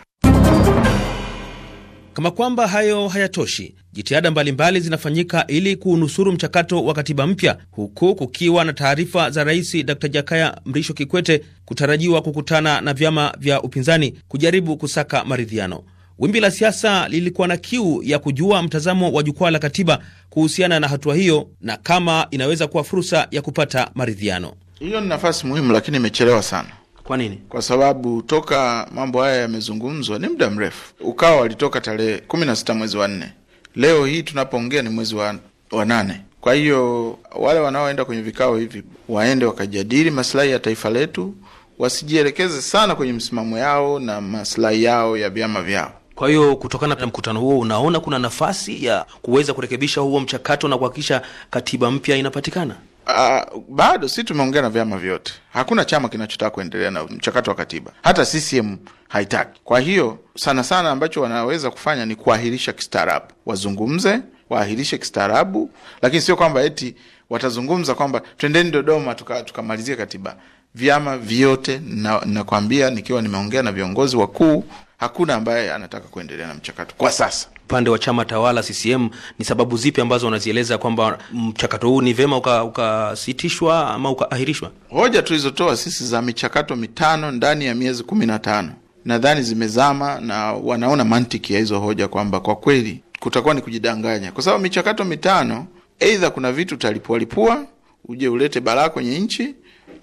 Kama kwamba hayo hayatoshi, jitihada mbalimbali zinafanyika ili kuunusuru mchakato wa katiba mpya, huku kukiwa na taarifa za Rais Dr Jakaya Mrisho Kikwete kutarajiwa kukutana na vyama vya upinzani kujaribu kusaka maridhiano. Wimbi la siasa lilikuwa na kiu ya kujua mtazamo wa jukwaa la katiba kuhusiana na hatua hiyo na kama inaweza kuwa fursa ya kupata maridhiano. Hiyo ni nafasi muhimu, lakini imechelewa sana. Kwa nini? Kwa sababu toka mambo haya yamezungumzwa ni muda mrefu. Ukawa walitoka tarehe kumi na sita mwezi wa nne, leo hii tunapoongea ni mwezi wa, wa nane. Kwa hiyo wale wanaoenda kwenye vikao hivi waende wakajadili masilahi ya taifa letu, wasijielekeze sana kwenye msimamo yao na masilahi yao ya vyama vyao. Kwa hiyo kutokana na mkutano huo, unaona kuna nafasi ya kuweza kurekebisha huo mchakato na kuhakikisha katiba mpya inapatikana? Uh, bado si tumeongea na vyama vyote, hakuna chama kinachotaka kuendelea na mchakato wa katiba, hata CCM haitaki. Kwa hiyo sana sana ambacho wanaweza kufanya ni kuahirisha kistaarabu, wazungumze waahirishe kistaarabu, lakini sio kwamba eti watazungumza kwamba twendeni Dodoma tukamalizia tuka katiba. Vyama vyote nakwambia, na nikiwa nimeongea na viongozi wakuu hakuna ambaye anataka kuendelea na mchakato kwa sasa. Upande wa chama tawala CCM, ni sababu zipi ambazo wanazieleza kwamba mchakato huu ni vema ukasitishwa uka ama ukaahirishwa? Hoja tulizotoa sisi za michakato mitano ndani ya miezi kumi na tano nadhani zimezama na wanaona mantiki ya hizo hoja kwamba kwa kweli kutakuwa ni kujidanganya, kwa sababu michakato mitano, aidha kuna vitu utalipualipua uje ulete balaa kwenye nchi,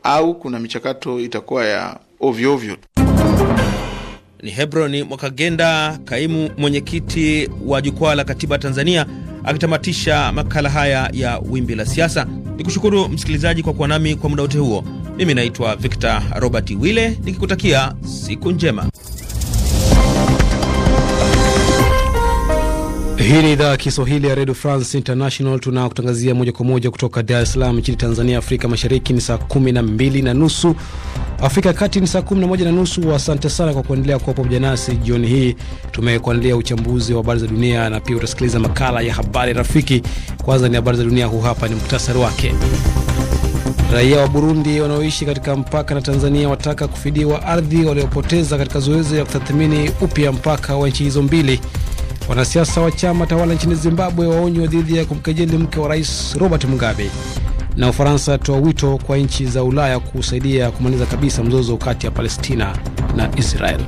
au kuna michakato itakuwa ya ovyoovyo ni Hebroni Mwakagenda, kaimu mwenyekiti wa Jukwaa la Katiba Tanzania, akitamatisha makala haya ya Wimbi la Siasa. Ni kushukuru msikilizaji kwa kuwa nami kwa muda wote huo. Mimi naitwa Victor Robert Wille nikikutakia siku njema. Hii ni idhaa ya Kiswahili ya redio France International. Tunakutangazia moja kwa moja kutoka Dar es Salaam nchini Tanzania. Afrika Mashariki ni saa kumi na mbili na nusu, Afrika ya Kati ni saa kumi na moja na nusu. Asante sana kwa kuendelea kuwa pamoja nasi jioni hii. Tumekuandalia uchambuzi wa habari za dunia na pia utasikiliza makala ya habari rafiki. Kwanza ni habari za dunia, huu hapa ni muktasari wake. Raia wa Burundi wanaoishi katika mpaka na Tanzania wataka kufidiwa ardhi waliopoteza katika zoezi la kutathmini upya mpaka wa nchi hizo mbili. Wanasiasa wa chama tawala nchini Zimbabwe waonywa dhidi ya kumkejeli mke wa rais Robert Mugabe, na Ufaransa atoa wito kwa nchi za Ulaya kusaidia kumaliza kabisa mzozo kati ya Palestina na Israel.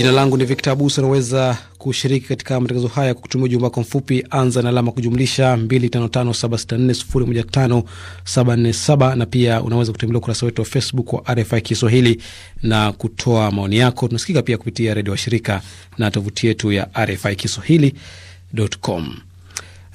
Jina langu ni Victor Abuso. Unaweza kushiriki katika matangazo haya kwa kutumia ujumbe wako mfupi, anza na alama kujumlisha 255764015747 na pia unaweza kutembelea ukurasa wetu wa Facebook wa RFI Kiswahili na kutoa maoni yako. Tunasikika pia kupitia redio washirika na tovuti yetu ya RFI Kiswahili.com.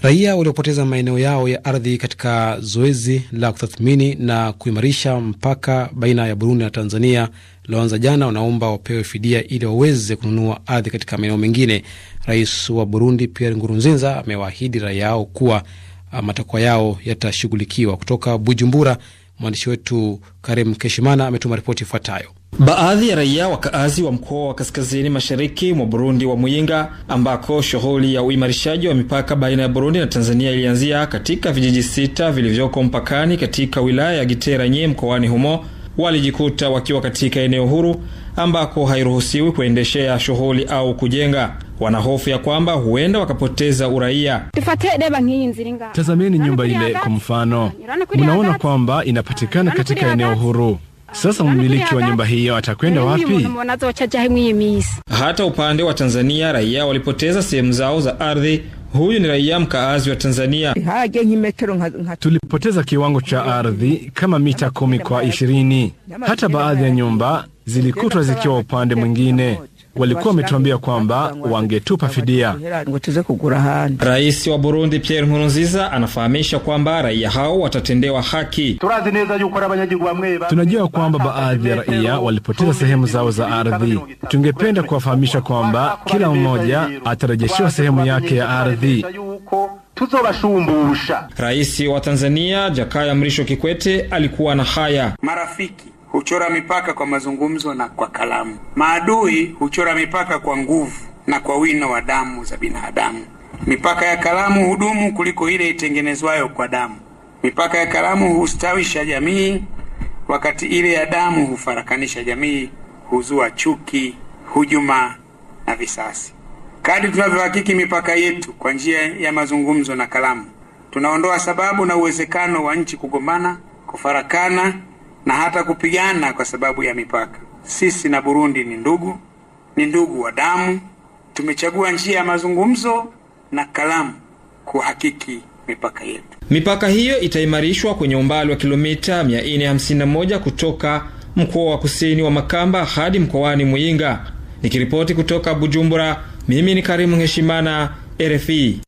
Raia waliopoteza maeneo yao ya ardhi katika zoezi la kutathmini na kuimarisha mpaka baina ya Burundi na Tanzania liloanza jana wanaomba wapewe fidia ili waweze kununua ardhi katika maeneo mengine. Rais wa Burundi Pierre Ngurunziza amewaahidi raia hao kuwa ah, matakwa yao yatashughulikiwa. Kutoka Bujumbura, mwandishi wetu Karim Keshimana ametuma ripoti ifuatayo. Baadhi ya raia wakaazi wa mkoa wa kaskazini mashariki mwa Burundi wa Muyinga, ambako shughuli ya uimarishaji wa mipaka baina ya Burundi na Tanzania ilianzia katika vijiji sita vilivyoko mpakani katika wilaya ya Giteranye mkoani humo, walijikuta wakiwa katika eneo huru ambako hairuhusiwi kuendeshea shughuli au kujenga. wana hofu ya kwamba huenda wakapoteza uraia. Tazameni nyumba ile, kwa mfano, mnaona kwamba inapatikana katika eneo huru sasa mmiliki yaani wa nyumba hiyo atakwenda wapi? Hata upande wa Tanzania raia walipoteza sehemu zao za ardhi. Huyu ni raia mkaazi wa Tanzania. Tulipoteza kiwango cha ardhi kama mita kumi kwa ishirini. Hata baadhi ya nyumba zilikutwa zikiwa upande mwingine walikuwa wametuambia kwamba wangetupa fidia. Rais wa Burundi Pierre Nkurunziza anafahamisha kwamba raia hao watatendewa haki. Tunajua kwamba baadhi ya raia walipoteza sehemu zao za ardhi. Tungependa kuwafahamisha kwamba kila mmoja atarejeshewa sehemu yake ya ardhi. Rais wa Tanzania Jakaya Mrisho Kikwete alikuwa na haya marafiki huchora mipaka kwa mazungumzo na kwa kalamu. Maadui huchora mipaka kwa nguvu na kwa wino wa damu za binadamu. Mipaka ya kalamu hudumu kuliko ile itengenezwayo kwa damu. Mipaka ya kalamu hustawisha jamii, wakati ile ya damu hufarakanisha jamii, huzua chuki, hujuma na visasi. Kadri tunavyohakiki mipaka yetu kwa njia ya mazungumzo na kalamu, tunaondoa sababu na uwezekano wa nchi kugombana, kufarakana na hata kupigana kwa sababu ya mipaka. Sisi na Burundi ni ndugu, ni ndugu wa damu. Tumechagua njia ya mazungumzo na kalamu kuhakiki mipaka yetu. Mipaka hiyo itaimarishwa kwenye umbali wa kilomita 451 kutoka mkoa wa kusini wa Makamba hadi mkoani Muyinga. Nikiripoti kutoka Bujumbura, mimi ni Karimu Heshimana, RFI.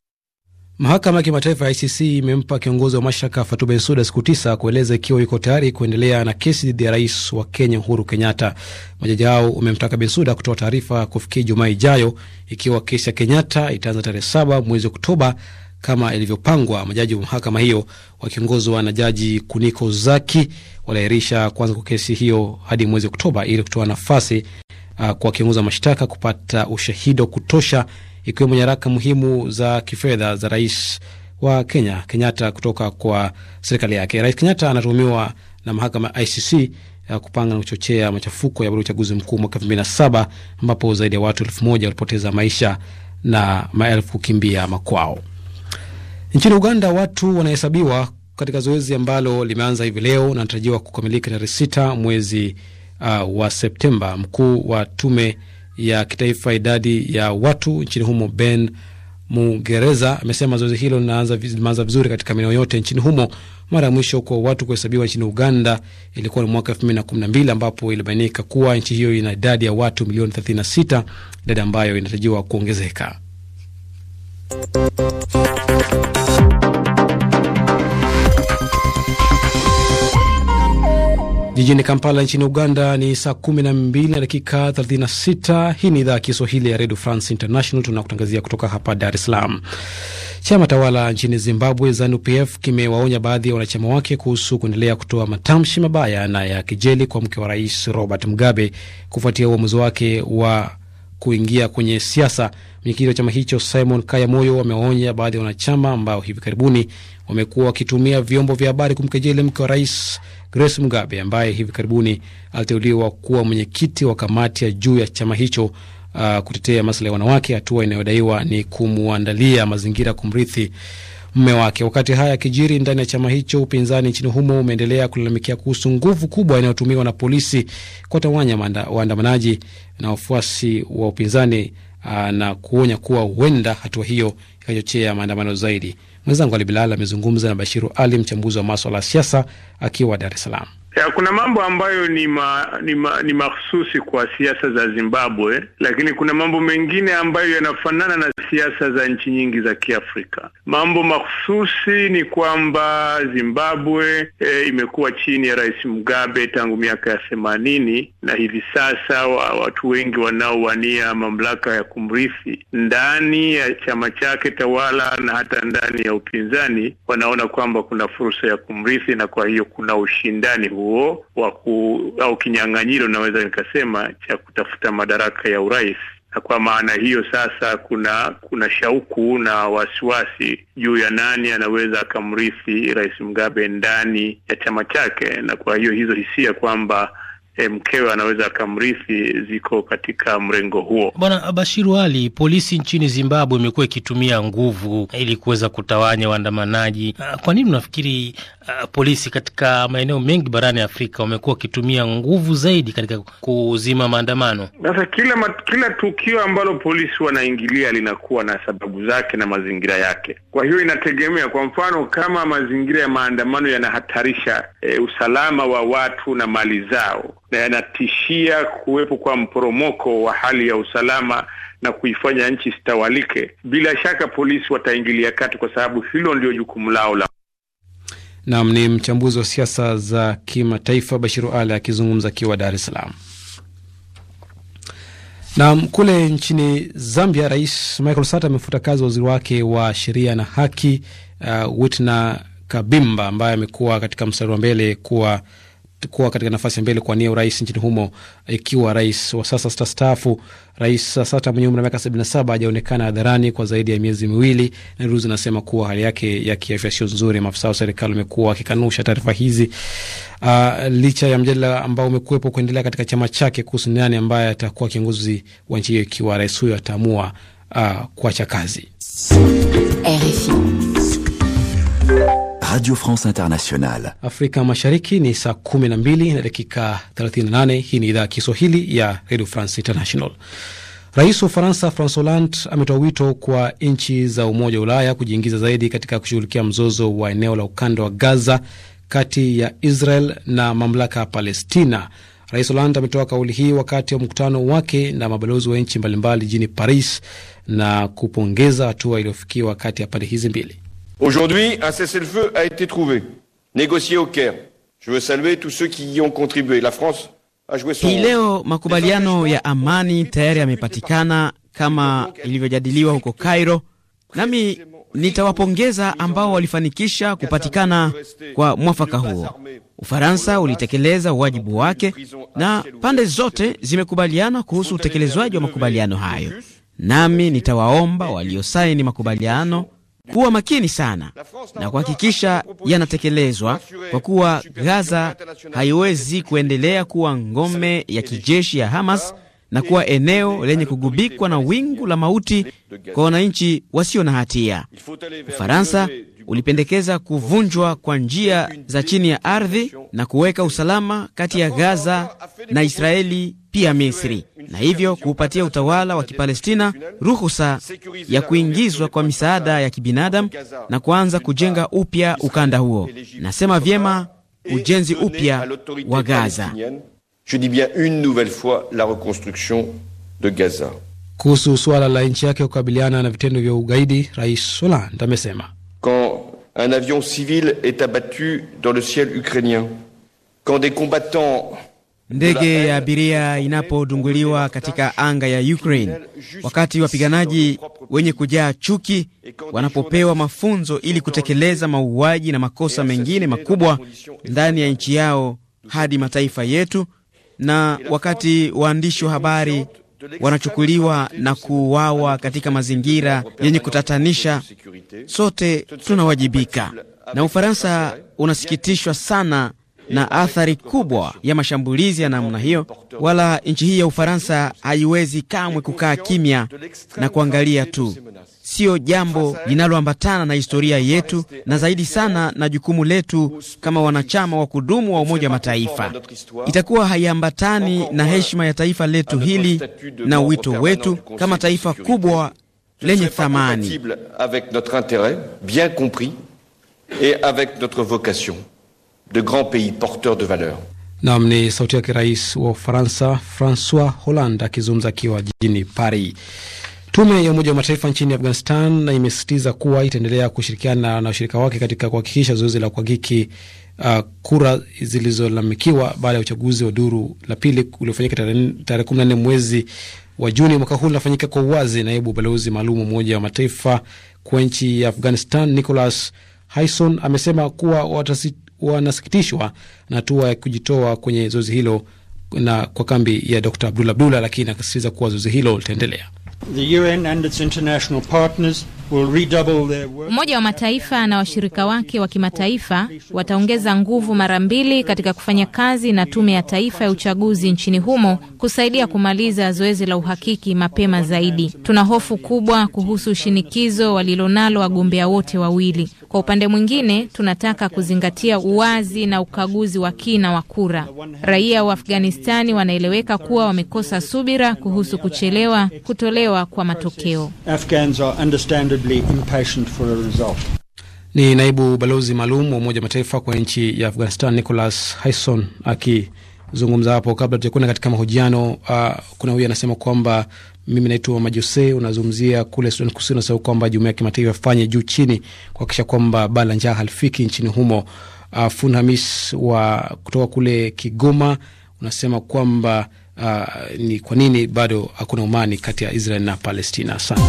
Mahakama ya kimataifa ya ICC imempa kiongozi wa mashtaka Fatu Bensuda siku tisa kueleza ikiwa yuko tayari kuendelea na kesi dhidi ya rais wa Kenya Uhuru Kenyatta. Majaji hao umemtaka Bensuda kutoa taarifa kufikia Ijumaa ijayo ikiwa kesi ya Kenyatta itaanza tarehe saba mwezi Oktoba kama ilivyopangwa. Majaji wa mahakama hiyo wakiongozwa na Jaji Kuniko Zaki waliahirisha kuanza kwa kesi hiyo hadi mwezi Oktoba ili kutoa nafasi uh, kwa kiongozi wa mashtaka kupata ushahidi wa kutosha ikiwemo nyaraka muhimu za kifedha za rais wa Kenya Kenyatta kutoka kwa serikali yake. Rais Kenyatta anatuhumiwa na mahakama ICC eh, kupanga na kuchochea machafuko ya uchaguzi mkuu mwaka elfu mbili na saba ambapo zaidi ya watu elfu moja walipoteza maisha na maelfu kukimbia makwao. Nchini Uganda watu wanahesabiwa katika zoezi ambalo limeanza hivi leo na natarajiwa kukamilika tarehe sita mwezi uh, wa Septemba. Mkuu wa tume ya kitaifa idadi ya watu nchini humo Ben Mugereza amesema zoezi hilo linaanza vizuri katika maeneo yote nchini humo. Mara ya mwisho kwa watu kuhesabiwa nchini Uganda ilikuwa ni mwaka elfu na kumi na mbili ambapo ilibainika kuwa nchi hiyo ina idadi ya watu milioni 36, idadi ambayo inatarajiwa kuongezeka. Jijini Kampala nchini Uganda ni saa 12 na dakika 36. Hii ni idhaa ya Kiswahili ya Redio France International, tunakutangazia kutoka hapa Dar es Salaam. Chama tawala nchini Zimbabwe, ZANUPF, kimewaonya baadhi ya wanachama wake kuhusu kuendelea kutoa matamshi mabaya na ya kijeli kwa mke wa rais Robert Mugabe kufuatia uamuzi wake wa kuingia kwenye siasa. Mwenyekiti wa chama hicho Simon Moyo amewaonya baadhi ya wanachama ambao hivi karibuni wamekuwa wakitumia vyombo vya habari kumkejeli mke wa rais Grace Mugabe ambaye hivi karibuni aliteuliwa kuwa mwenyekiti wa kamati ya juu ya chama hicho uh, kutetea maslahi ya wanawake, hatua inayodaiwa ni kumwandalia mazingira kumrithi mme wake. Wakati haya yakijiri ndani ya chama hicho, upinzani nchini humo umeendelea kulalamikia kuhusu nguvu kubwa inayotumiwa na polisi kuwatawanya waandamanaji na wafuasi wa upinzani uh, na kuonya kuwa huenda hatua hiyo ikachochea maandamano zaidi. Mwenzangu Ali Bilal amezungumza na Bashiru Ali, mchambuzi wa maswala ya siasa, akiwa Dar es Salaam. Ya, kuna mambo ambayo ni ma, ni, ma, ni mahususi kwa siasa za Zimbabwe, lakini kuna mambo mengine ambayo yanafanana na siasa za nchi nyingi za Kiafrika. Mambo mahususi ni kwamba Zimbabwe e, imekuwa chini ya Rais Mugabe tangu miaka ya themanini na hivi sasa wa, watu wengi wanaowania mamlaka ya kumrithi ndani ya chama chake tawala na hata ndani ya upinzani wanaona kwamba kuna fursa ya kumrithi na kwa hiyo kuna ushindani huu huo wa au kinyang'anyiro, naweza nikasema cha kutafuta madaraka ya urais, na kwa maana hiyo sasa kuna kuna shauku na wasiwasi juu ya nani anaweza akamrithi Rais mgabe ndani ya chama chake, na kwa hiyo hizo hisia kwamba eh, mkewe anaweza akamrithi ziko katika mrengo huo. Bwana Bashiru Ali, polisi nchini Zimbabwe imekuwa ikitumia nguvu ili kuweza kutawanya waandamanaji. Ah, kwa nini unafikiri Eh, polisi katika maeneo mengi barani Afrika wamekuwa wakitumia nguvu zaidi katika kuzima maandamano. Sasa kila ma, kila tukio ambalo polisi wanaingilia linakuwa na sababu zake na mazingira yake. Kwa hiyo inategemea, kwa mfano kama mazingira ya maandamano yanahatarisha e, usalama wa watu na mali zao na yanatishia kuwepo kwa mporomoko wa hali ya usalama na kuifanya nchi sitawalike, bila shaka polisi wataingilia kati, kwa sababu hilo ndio jukumu lao la Nam ni mchambuzi wa siasa za kimataifa Bashiru Ali akizungumza akiwa Dar es Salaam. Nam kule nchini Zambia, Rais Michael Sata amefuta kazi waziri wake wa sheria na haki uh, Witna Kabimba ambaye amekuwa katika mstari wa mbele kuwa kuwa katika nafasi ya mbele kuwania urais nchini humo, ikiwa rais wa sasa stastaafu, rais Sasata mwenye umri wa miaka 77 hajaonekana hadharani kwa zaidi ya miezi miwili, na duru zinasema kuwa hali yake ya kiafya sio nzuri. Maafisa wa serikali wamekuwa wakikanusha taarifa hizi, uh, licha ya mjadala ambao umekuwepo kuendelea katika chama chake kuhusu nani ambaye atakuwa kiongozi wa nchi hiyo ikiwa rais huyo ataamua uh, ah, kuacha kazi RFI. Radio France Internationale. Afrika Mashariki ni saa 12 na dakika 38. Hii ni idhaa ya Kiswahili ya Radio France International. Rais wa Ufaransa Francois Hollande ametoa wito kwa nchi za Umoja wa Ulaya kujiingiza zaidi katika kushughulikia mzozo wa eneo la ukanda wa Gaza kati ya Israel na mamlaka ya Palestina. Rais Hollande ametoa kauli hii wakati wa mkutano wake na mabalozi wa nchi mbalimbali jijini Paris na kupongeza hatua iliyofikiwa kati ya pande hizi mbili. Aujourd'hui, un cessez-le-feu a été trouvé, négocié au Caire. Je veux saluer tous ceux qui y ont contribué. La France a joué son Hii leo makubaliano ya amani tayari yamepatikana kama ilivyojadiliwa huko Cairo. Nami nitawapongeza ambao walifanikisha kupatikana kwa mwafaka huo. Ufaransa ulitekeleza wajibu wake na pande zote zimekubaliana kuhusu utekelezwaji wa makubaliano hayo. Nami nitawaomba waliosaini makubaliano kuwa makini sana na kuhakikisha yanatekelezwa, kwa kuwa Gaza haiwezi kuendelea kuwa ngome ya kijeshi ya Hamas na kuwa eneo lenye kugubikwa na wingu la mauti kwa wananchi wasio na hatia. Ufaransa ulipendekeza kuvunjwa kwa njia za chini ya ardhi na kuweka usalama kati ya Gaza na Israeli pia Misri, na hivyo kuupatia utawala wa Kipalestina ruhusa ya kuingizwa kwa misaada ya kibinadamu na kuanza kujenga upya ukanda huo. Nasema vyema ujenzi upya wa Gaza je dis bien une nouvelle fois, la reconstruction de Gaza. Kuhusu suala la nchi yake kukabiliana na vitendo vya ugaidi, Rais Hollande amesema quand un avion civil est abattu dans le ciel ukrainien, quand des combattants Ndege ya abiria inapodunguliwa katika anga ya Ukraine, wakati wapiganaji wenye kujaa chuki wanapopewa mafunzo ili kutekeleza mauaji na makosa mengine makubwa ndani ya nchi yao hadi mataifa yetu, na wakati waandishi wa habari wanachukuliwa na kuuawa katika mazingira yenye kutatanisha, sote tunawajibika, na Ufaransa unasikitishwa sana na athari kubwa ya mashambulizi ya namna hiyo. Wala nchi hii ya Ufaransa haiwezi kamwe kukaa kimya na kuangalia tu siyo jambo linaloambatana na historia yetu na zaidi sana na jukumu letu kama wanachama wa kudumu wa Umoja wa Mataifa. Itakuwa haiambatani na heshima ya taifa letu hili na wito wetu kama taifa kubwa lenye thamani. Nam ni sauti yake Rais wa Ufaransa Francois Hollande akizungumza akiwa jijini Paris. Tume ya Umoja wa Mataifa nchini Afghanistan imesisitiza kuwa itaendelea kushirikiana na washirika wake katika kuhakikisha zoezi la kuhakiki uh, kura zilizolalamikiwa baada ya uchaguzi wa duru la pili uliofanyika tarehe kumi na nne mwezi wa Juni mwaka huu linafanyika kwa uwazi. Naibu balozi maalum Umoja wa Mataifa kwa nchi ya Afghanistan Nicholas haison amesema kuwa wanasikitishwa na hatua ya kujitoa kwenye zoezi hilo na kwa kambi ya Dr Abdullah Abdullah, lakini akasisitiza kuwa zoezi hilo litaendelea. Umoja wa Mataifa na washirika wake wa kimataifa wataongeza nguvu mara mbili katika kufanya kazi na tume ya taifa ya uchaguzi nchini humo kusaidia kumaliza zoezi la uhakiki mapema zaidi. Tuna hofu kubwa kuhusu shinikizo walilonalo wagombea wote wawili. Kwa upande mwingine, tunataka kuzingatia uwazi na ukaguzi wa kina wa kura. Raia wa Afghanistani wanaeleweka kuwa wamekosa subira kuhusu kuchelewa kutolewa kuchelewa kwa matokeo. Ni naibu balozi maalum wa Umoja Mataifa kwa nchi ya Afghanistan Nicholas Hayson akizungumza hapo. Kabla tujakwenda katika mahojiano, uh, kuna huyu anasema kwamba mimi naitwa Majose, unazungumzia kule Sudan Kusini, unasema kwamba jumuiya ya kimataifa fanye juu chini kuhakikisha kwamba baa la njaa halifiki nchini humo. Uh, Fun Hamis wa kutoka kule Kigoma unasema kwamba uh, ni kwa nini bado hakuna umani kati ya Israel na Palestina. Asante.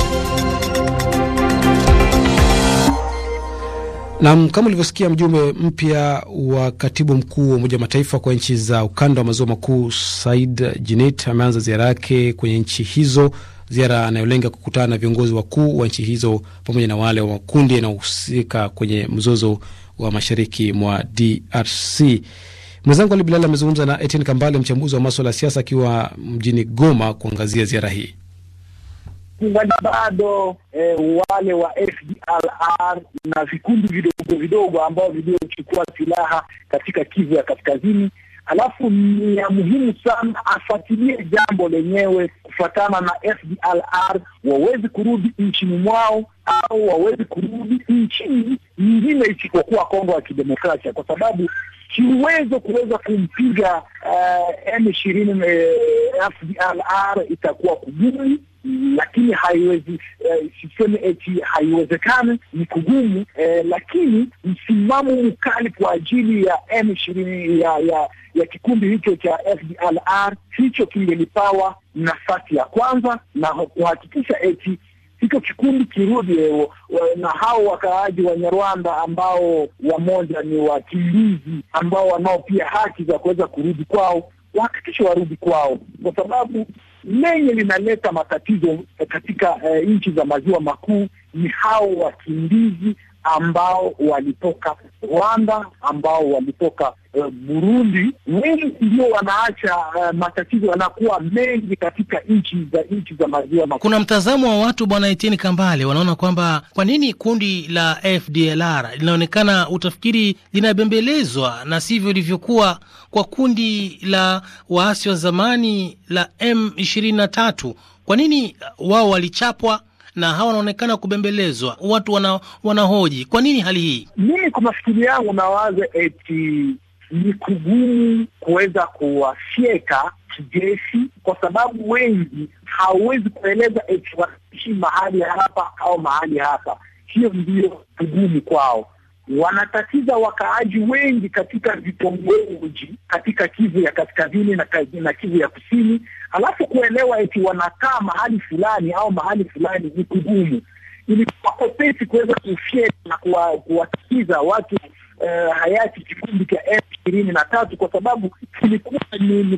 Nam, kama ulivyosikia, mjumbe mpya wa katibu mkuu wa Umoja wa Mataifa kwa nchi za ukanda wa maziwa makuu Said Jinit ameanza ziara yake kwenye nchi hizo, ziara anayolenga kukutana na viongozi wakuu wa nchi hizo pamoja na wale wa makundi yanayohusika kwenye mzozo wa mashariki mwa DRC. Mwenzangu Ali Bilal amezungumza na Etienne Kambale, mchambuzi wa maswala ya siasa, akiwa mjini Goma kuangazia ziara hii. Kungali bado e, wale wa FDLR na vikundi vidogo vidogo ambao viliochukua silaha katika Kivu ya kaskazini alafu ni ya muhimu sana afuatilie jambo lenyewe kufuatana na FDLR wawezi kurudi nchini mwao au wawezi kurudi nchini nyingine isipokuwa Kongo ya Kidemokrasia, kwa sababu kiuwezo kuweza kumpiga uh, M ishirini eh, FDLR itakuwa kugumu lakini haiwezi eh, siseme eti haiwezekani, ni kugumu eh, lakini msimamo mkali kwa ajili ya M ishirini ya, ya ya kikundi hicho cha FDLR hicho kingelipawa nafasi ya kwanza na kuhakikisha eti hicho kikundi kirudi eh, na hao wakaaji wa Nyarwanda ambao wamoja ni wakimbizi ambao wanao pia haki za kuweza kurudi kwao, wahakikishe warudi kwao, kwa sababu lenye linaleta matatizo eh, katika eh, nchi za maziwa makuu ni hao wakimbizi ambao walitoka Rwanda, ambao walitoka Eh, Burundi, wengi ndio wanaacha uh, matatizo yanakuwa mengi katika nchi za nchi za maziwa makuu. Kuna mtazamo wa watu bwana Etienne Kambale, wanaona kwamba kwa nini kundi la FDLR linaonekana utafikiri linabembelezwa na sivyo ilivyokuwa kwa kundi la waasi wa zamani la M23. Kwa nini wao walichapwa na hawa wanaonekana kubembelezwa? Watu wana, wanahoji kwa nini hali hii. Mimi kwa mafikiri yangu nawaza eti ni kugumu kuweza kuwafyeka kijeshi, kwa sababu wengi hauwezi kueleza eti wanaishi mahali hapa au mahali hapa. Hiyo ndiyo kugumu kwao. Wanatatiza wakaaji wengi katika vitongoji katika Kivu ya kaskazini na, na Kivu ya kusini, alafu kuelewa eti wanakaa mahali fulani au mahali fulani ni kugumu. ili wakopesi kuweza kufyeka na kuwatatiza watu Uh, hayati kikundi cha ishirini na tatu kwa sababu kilikuwa ni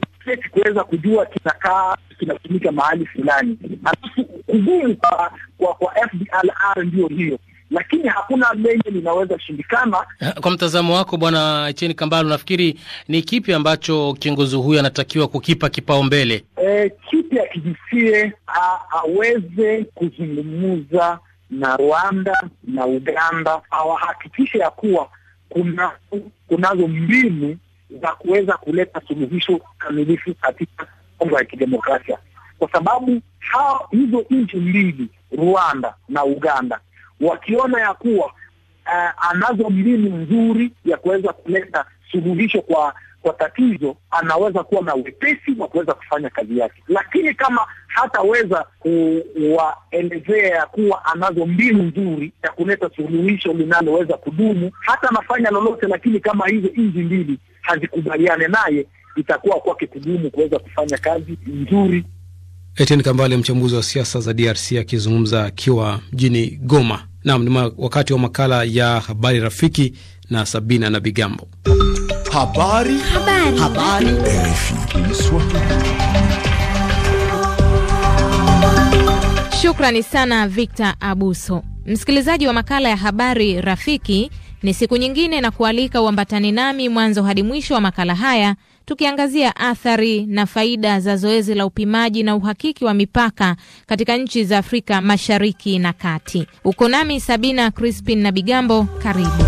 kuweza kujua kinakaa kinatumika mahali fulani, alafu kugumu kwa kwa, kwa FDLR ndio hiyo lakini hakuna lenye linaweza shindikana Kwa mtazamo wako Bwana Cheni Kambalo, nafikiri ni kipi ambacho kiongozi huyu anatakiwa kukipa kipaumbele? E, kipi akijisie aweze kuzungumza na Rwanda na Uganda, awahakikishe ya kuwa kuna kunazo mbinu za kuweza kuleta suluhisho kamilifu katika Kongo ya Kidemokrasia, kwa sababu hao hizo nchi mbili Rwanda na Uganda wakiona ya kuwa uh, anazo mbinu nzuri ya kuweza kuleta suluhisho kwa kwa tatizo, anaweza kuwa na wepesi wa kuweza kufanya kazi yake, lakini kama hataweza kuwaelezea kuwa anazo mbinu nzuri ya kuleta suluhisho linaloweza kudumu, hata anafanya lolote, lakini kama hizo nchi mbili hazikubaliane naye, itakuwa kwake kudumu kuweza kufanya kazi nzuri. Etienne Kambale, mchambuzi wa siasa za DRC, akizungumza akiwa mjini Goma. Naam, ni wakati wa makala ya habari rafiki na Sabina na Bigambo. Habari. Habari. Habari. Shukrani sana Victor Abuso. Msikilizaji wa makala ya Habari Rafiki, ni siku nyingine na kualika uambatani nami mwanzo hadi mwisho wa makala haya tukiangazia athari na faida za zoezi la upimaji na uhakiki wa mipaka katika nchi za Afrika Mashariki na Kati. Uko nami Sabina Crispin na Bigambo, karibu.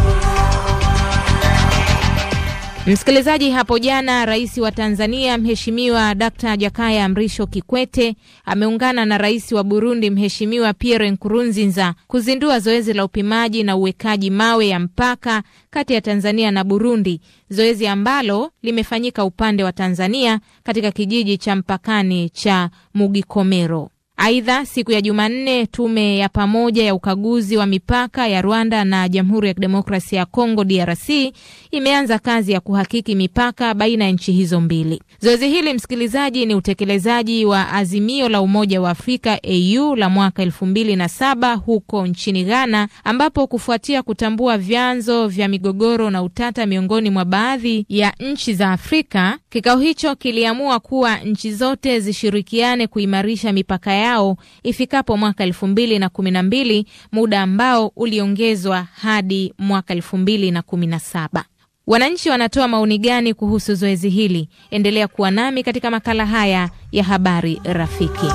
Msikilizaji, hapo jana rais wa Tanzania Mheshimiwa Dkt. Jakaya Mrisho Kikwete ameungana na rais wa Burundi Mheshimiwa Pierre Nkurunziza kuzindua zoezi la upimaji na uwekaji mawe ya mpaka kati ya Tanzania na Burundi, zoezi ambalo limefanyika upande wa Tanzania katika kijiji cha mpakani cha Mugikomero. Aidha, siku ya Jumanne tume ya pamoja ya ukaguzi wa mipaka ya Rwanda na Jamhuri ya Kidemokrasia ya Kongo DRC imeanza kazi ya kuhakiki mipaka baina ya nchi hizo mbili. Zoezi hili, msikilizaji, ni utekelezaji wa azimio la Umoja wa Afrika AU la mwaka elfu mbili na saba huko nchini Ghana, ambapo kufuatia kutambua vyanzo vya migogoro na utata miongoni mwa baadhi ya nchi za Afrika, kikao hicho kiliamua kuwa nchi zote zishirikiane kuimarisha mipaka yao yao ifikapo mwaka elfu mbili na kumi na mbili, muda ambao uliongezwa hadi mwaka elfu mbili na kumi na saba. Wananchi wanatoa maoni gani kuhusu zoezi hili? Endelea kuwa nami katika makala haya ya habari rafiki.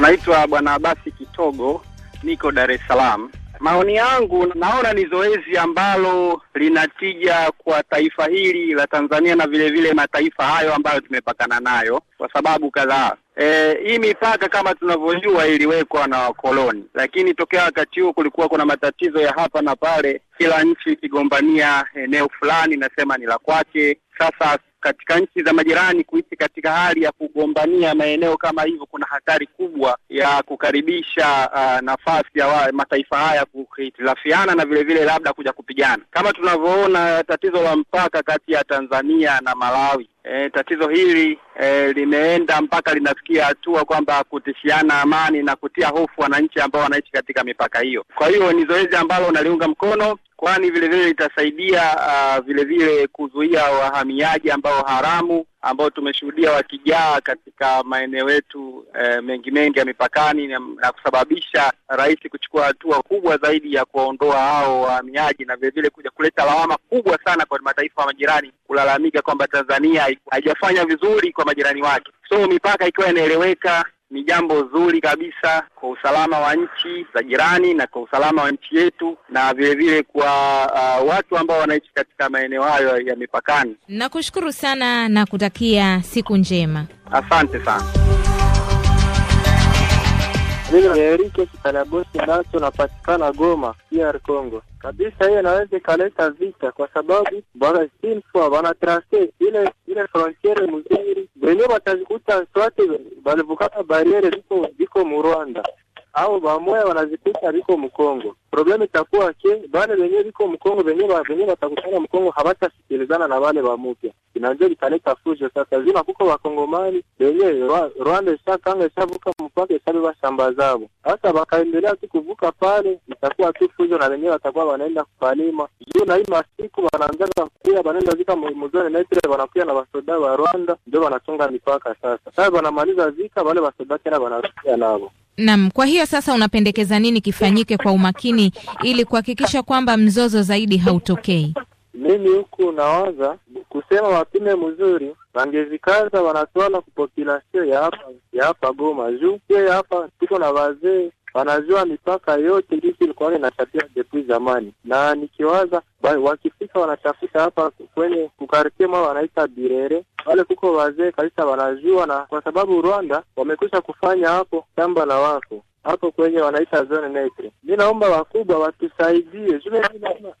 Naitwa Bwana Abasi Kitogo, niko Dar es Salaam. Maoni yangu naona ni zoezi ambalo linatija kwa taifa hili la Tanzania na vile vile mataifa hayo ambayo tumepakana nayo kwa sababu kadhaa. E, hii mipaka kama tunavyojua iliwekwa na wakoloni, lakini tokea wakati huo kulikuwa kuna matatizo ya hapa na pale, kila nchi ikigombania eneo fulani, nasema ni la kwake. Sasa katika nchi za majirani kuishi katika hali ya kugombania maeneo kama hivyo, kuna hatari kubwa ya kukaribisha uh, nafasi ya wa, mataifa haya kuhitilafiana na vile vile labda kuja kupigana kama tunavyoona tatizo la mpaka kati ya Tanzania na Malawi. E, tatizo hili e, limeenda mpaka linafikia hatua kwamba kutishiana amani na kutia hofu wananchi ambao wanaishi katika mipaka hiyo. Kwa hiyo ni zoezi ambalo unaliunga mkono, kwani vile vile litasaidia uh, vile vile kuzuia wahamiaji ambao haramu ambao tumeshuhudia wakijaa katika maeneo yetu eh, mengi mengi ya mipakani na, na kusababisha rais kuchukua hatua kubwa zaidi ya kuwaondoa hao wahamiaji na vilevile kuja kuleta lawama kubwa sana kwa mataifa majirani kulalamika kwamba Tanzania haijafanya vizuri kwa kwa majirani wake. So mipaka ikiwa inaeleweka ni jambo zuri kabisa kwa usalama wa nchi za jirani na kwa usalama wa nchi yetu na vile vile kwa uh, watu ambao wanaishi katika maeneo hayo ya mipakani. Nakushukuru sana na kutakia siku njema. Asante sana. Mimi ni Erike Kitalabosi na napatikana Goma, DR Congo. Kabisa hiyo inaweza ikaleta vita, kwa sababu banasinfwa trace ile ile frontiere mzuri wenyewe watazikuta sote balivukaka bariere ziko ziko mu Rwanda au bamoya wanazipika viko Mkongo, problemu itakuwa ke bale benye viko Mkongo benye benye batakutana Mkongo habatasikilizana na bale mupya inanjo litaleta fujo sasa. zima kuko bakongomani benye Rwanda ishakanga ishavuka mpaka ishabeba shamba zabo, hasa bakaendelea tu kuvuka pale, itakuwa tu fujo na benye batakuwa wanaenda kupalima juu na hii masiku wanaanzaga kuya banaenda zika muzone netre, wanakuya na basoda wa Rwanda ndio wanachunga mipaka sasa. Sasa wanamaliza zika bale basoda tena wanarudia nabo Naam, kwa hiyo sasa unapendekeza nini kifanyike kwa umakini ili kuhakikisha kwamba mzozo zaidi hautokei? Mimi huku nawaza kusema wapime mzuri, wangezikaza wanatwala kupopulasio ya hapa ya hapa Goma juu pia hapa tuko na wazee wanajua mipaka yote, jinsi ilikuwa inashatia depuis zamani, na nikiwaza wakif kabisa wanatafuta hapa kwenye kukartie mao wanaita Birere, wale kuko wazee kabisa wanajua, na kwa sababu Rwanda wamekwisha kufanya hapo shamba la wako hapo kwenye wanaita zone netre. mi naomba wakubwa watusaidie,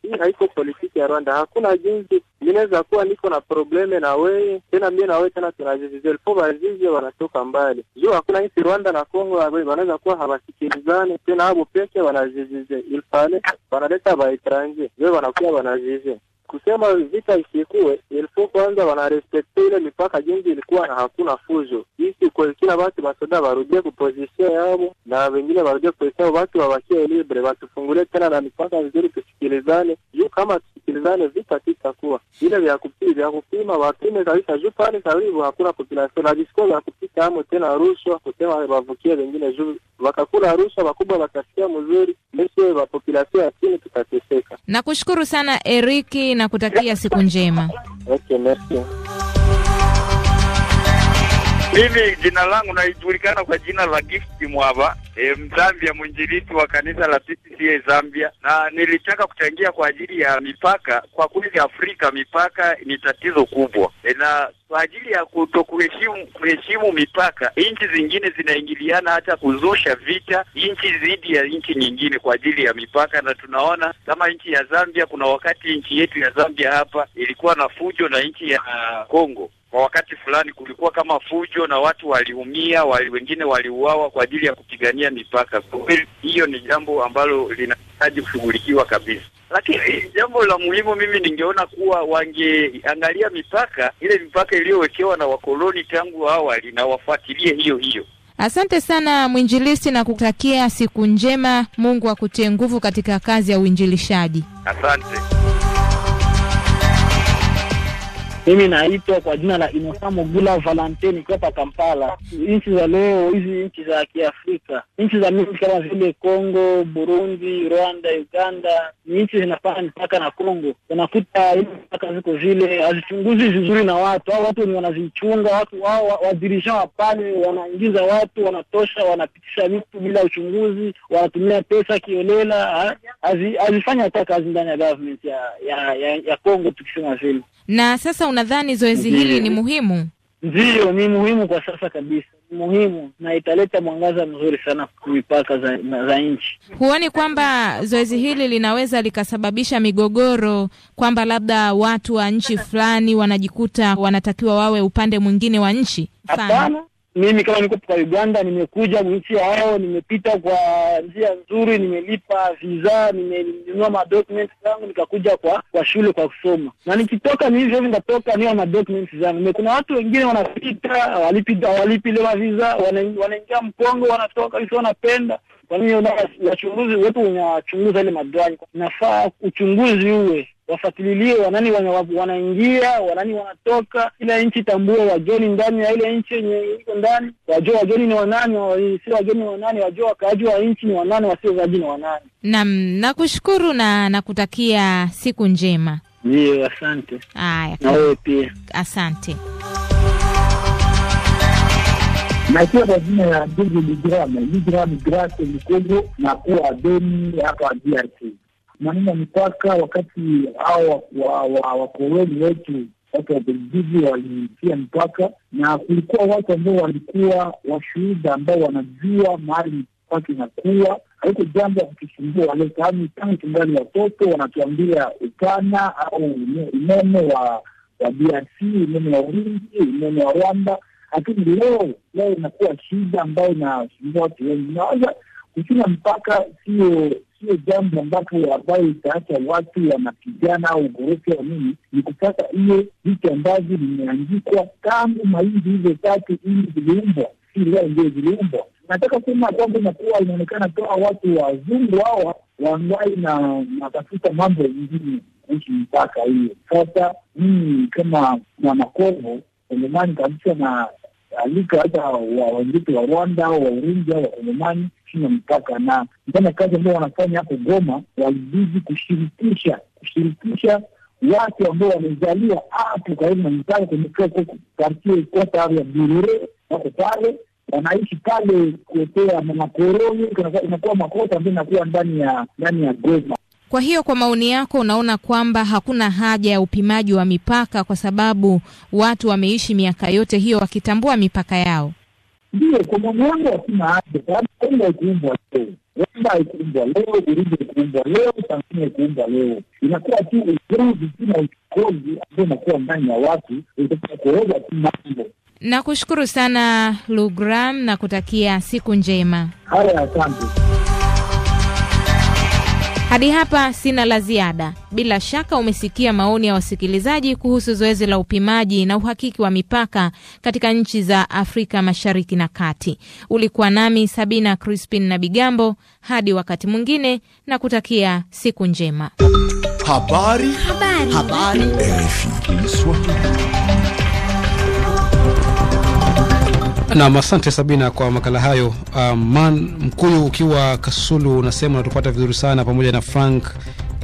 hii haiko politiki ya Rwanda, hakuna jinsi minaweza kuwa niko na probleme na wewe tena, mie na wewe tena tunazizize elfu bazize wanatoka mbali juu hakuna hisi Rwanda na Kongo wanaweza kuwa hawasikilizane tena, hapo peke wanazizize ilfale wanaleta baetranje wewe wanakuwa wanazize kusema vita isikuwe ilifo kwanza wanarespekte ile mipaka jinsi ilikuwa na hakuna fujo isi kwa kila watu masoda warudie kupozisio yabo na wengine warudie kupozisia watu wawakie libre watufungulie tena na mipaka vizuri, tusikilizane juu kama tusikilizane vita titakuwa ile vya kupima vya kupima wapime kabisa juu pale karibu hakuna population na discourse mitamo tena rushwa kusema wavukia wengine juu wakakula rushwa wakubwa wakasikia mzuri mwisho wa ya chini tutateseka. Nakushukuru sana Eriki na kutakia siku njema. Okay, merci. Mimi jina langu naijulikana kwa jina la Gift Mwaba, e, Mzambia mwinjilisti wa kanisa la CCCA Zambia, na nilitaka kuchangia kwa ajili ya mipaka. Kwa kweli Afrika mipaka ni tatizo kubwa e, na kwa ajili ya kutokuheshimu kuheshimu mipaka, nchi zingine zinaingiliana hata kuzusha vita nchi dhidi ya nchi nyingine kwa ajili ya mipaka, na tunaona kama nchi ya Zambia, kuna wakati nchi yetu ya Zambia hapa ilikuwa na fujo na nchi ya Kongo kwa wakati fulani kulikuwa kama fujo na watu waliumia, wali, wengine waliuawa kwa ajili ya kupigania mipaka. Kwa kweli hiyo ni jambo ambalo linahitaji kushughulikiwa kabisa, lakini jambo la muhimu mimi ningeona kuwa wangeangalia mipaka ile mipaka iliyowekewa na wakoloni tangu awali na wafuatilie hiyo hiyo. Asante sana mwinjilisti, na kutakia siku njema. Mungu akutie nguvu katika kazi ya uinjilishaji. Asante. Mimi naitwa kwa jina la inosamo gula Valentine nikiwa Kampala. Nchi za leo hizi nchi za Kiafrika, nchi za mingi kama vile Kongo, Burundi, Rwanda, Uganda ni nchi zinapana mipaka na Kongo, unakuta hizi mpaka ziko vile hazichunguzi vizuri na watu au watu ni wanazichunga watu wao wadirisha wa pale wanaingiza watu wanatosha, wanapitisha vitu bila uchunguzi, wanatumia pesa kiolela, hazifanya hata kazi ndani ya government ya ya ya Kongo tukisema vile na sasa unadhani zoezi hili ni muhimu? Ndiyo, ni muhimu kwa sasa kabisa, ni muhimu na italeta mwangaza mzuri sana mipaka za, za nchi. Huoni kwamba zoezi hili linaweza likasababisha migogoro, kwamba labda watu wa nchi fulani wanajikuta wanatakiwa wawe upande mwingine wa nchi? Hapana, mimi kama niko kwa Uganda, nimekuja nchi yao, nimepita kwa njia nzuri, nimelipa visa, nimenunua madocuments zangu, nikakuja kwa kwa shule kwa kusoma, na nikitoka ni hivyo nitatoka niwa madocuments zangu. Kuna watu wengine wanapita hawalipi hawalipi ile visa, wanaingia Mkongo, wanatoka hivyo, wanapenda kwa nini? Wachunguzi wetu unachunguza ile madwani, nafaa uchunguzi uwe wafatililie wanani wanaingia wanani wanatoka, kila nchi tambua wageni ndani ya ile nchi yenye iko ndani, wajua wageni ni wanani, si wageni ni wanani, wajua wakaaji wa nchi ni wanani, wasiozaji ni wanani. Naam, nakushukuru na nakutakia siku njema. Ndiyo, asante. Haya, na wewe pia asante. Nakiwa kwa jina ya ndugu Migrame Migrame Grace Mikogo na kuwa Beni hapa DRC maneno mpaka wakati hao wakoloni wa, wa wetu watu wabelgiji walitia mpaka, na kulikuwa watu ambao walikuwa washuhuda ambao wanajua mahali mpaka inakuwa haiko jambo ya kutusumbua leo, kwani tangu tungali watoto wanatuambia upana au umeme wa wa DRC, umeme wa Urundi, umeme wa Rwanda, lakini leo leo inakuwa shida ambayo inasumbua watu wengi. Naweza kuchuna mpaka sio sio jambo ambapo ambayo itaacha watu wanapigana au ugorofi wa nini, ni kupata hiyo vitu ambavyo vimeandikwa tangu mahindi hizo tatu ili ziliumbwa, si leo ndio ziliumbwa. Nataka kusema kwamba inakuwa inaonekana kama watu wazungu hawa wangai na natafuta mambo mengine kuhusu mpaka hiyo. Sasa mimi kama Mwanakongo Kongomani kabisa na alika hata wawenzetu wa Rwanda au wa Urundi au Wakongomani chini ya mipaka, na mfanya kazi ambao wanafanya hapo Goma walibidi kushirikisha kushirikisha watu ambao wamezaliwa hapo karibu na mipaka, kwenye kartie kota ya Burure, wako pale wanaishi pale kuotea makoroni, inakuwa makota ambayo inakuwa ndani ya ndani ya Goma. Kwa hiyo kwa maoni yako, unaona kwamba hakuna haja ya upimaji wa mipaka, kwa sababu watu wameishi miaka yote hiyo wakitambua mipaka yao? Ndio, kwa maoni wangu hakuna haja, sababu yaani, Kongo leo, Rwanda ikuumbwa leo, Burundi ikuumbwa leo, Tanzania ikuumbwa leo. Inakuwa tu ujuzi tu na uchokozi ambao unakuwa ndani ya watu kuoza tu mambo. Nakushukuru sana Lugram na kutakia siku njema. Haya, asante. Hadi hapa sina la ziada. Bila shaka umesikia maoni ya wasikilizaji kuhusu zoezi la upimaji na uhakiki wa mipaka katika nchi za Afrika Mashariki na Kati. Ulikuwa nami Sabina Crispin na Bigambo. Hadi wakati mwingine, na kutakia siku njema. Habari. Habari. Habari. Nam, asante Sabina kwa makala hayo. Um, man Mkuyu ukiwa Kasulu unasema unatupata vizuri sana, pamoja na Frank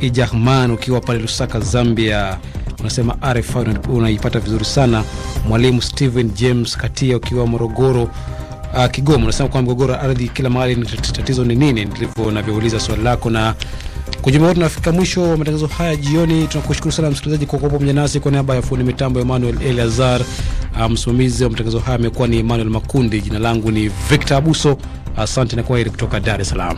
Ijahman ukiwa pale Lusaka, Zambia unasema RFI unaipata vizuri sana. Mwalimu Stephen James Katia ukiwa Morogoro Uh, Kigoma unasema kwa mgogoro ardhi kila mahali, tatizo ni nini? Ndivyo navyouliza swali lako na kwa jumla tunafika mwisho wa matangazo haya jioni. Tunakushukuru sana msikilizaji kwa kuwa pamoja nasi. Kwa niaba ya fundi mitambo Emmanuel Eleazar, ah, msimamizi wa matangazo haya amekuwa ni Emmanuel Makundi. Jina langu ni Victor Abuso, asante na kwaheri kutoka Dar es Salaam.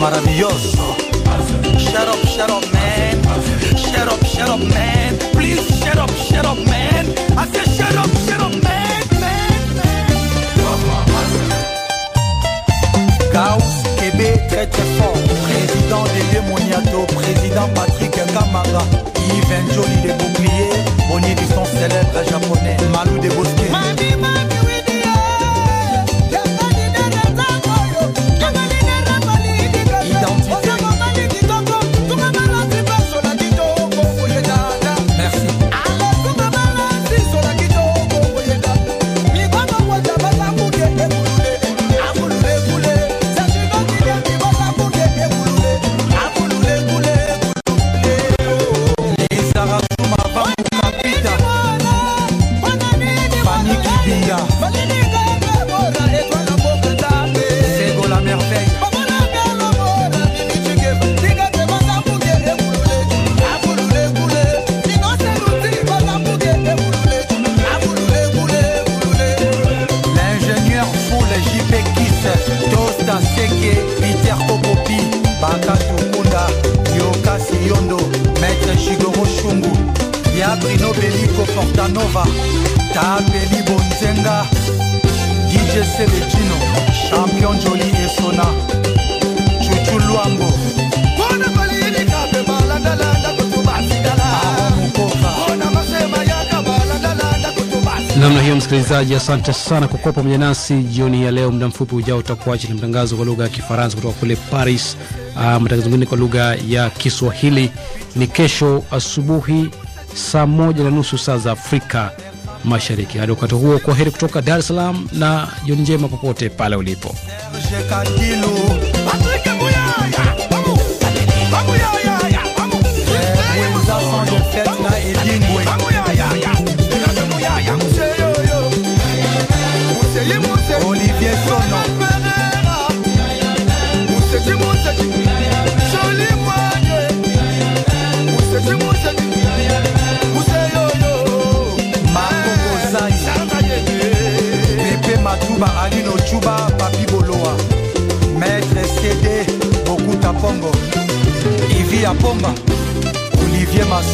Maravilloso. Shut up, shut up. up, shut up, man. Please shut up, shut up, man. I said shut up, shut up, man, man, man. Chaos, Kébé très très fort. Président des démoniato, président Patrick Ngamanga, Yves Njoli des Boucliers, Bonnier du son célèbre japonais, Malou des Bosses asante sana kwa kuwa pamoja nasi jioni ya leo. Muda mfupi ujao utakuacha na mtangazo kwa lugha ya Kifaransa kutoka kule Paris. Uh, matangazo mengine kwa lugha ya Kiswahili ni kesho asubuhi saa moja na nusu saa za Afrika Mashariki. Hadi wakati huo, kwa heri kutoka Dar es Salaam na jioni njema popote pale ulipo. chuba alino chuba papi boloa maître cd bokuta pombo ivi ya pomba olivier mas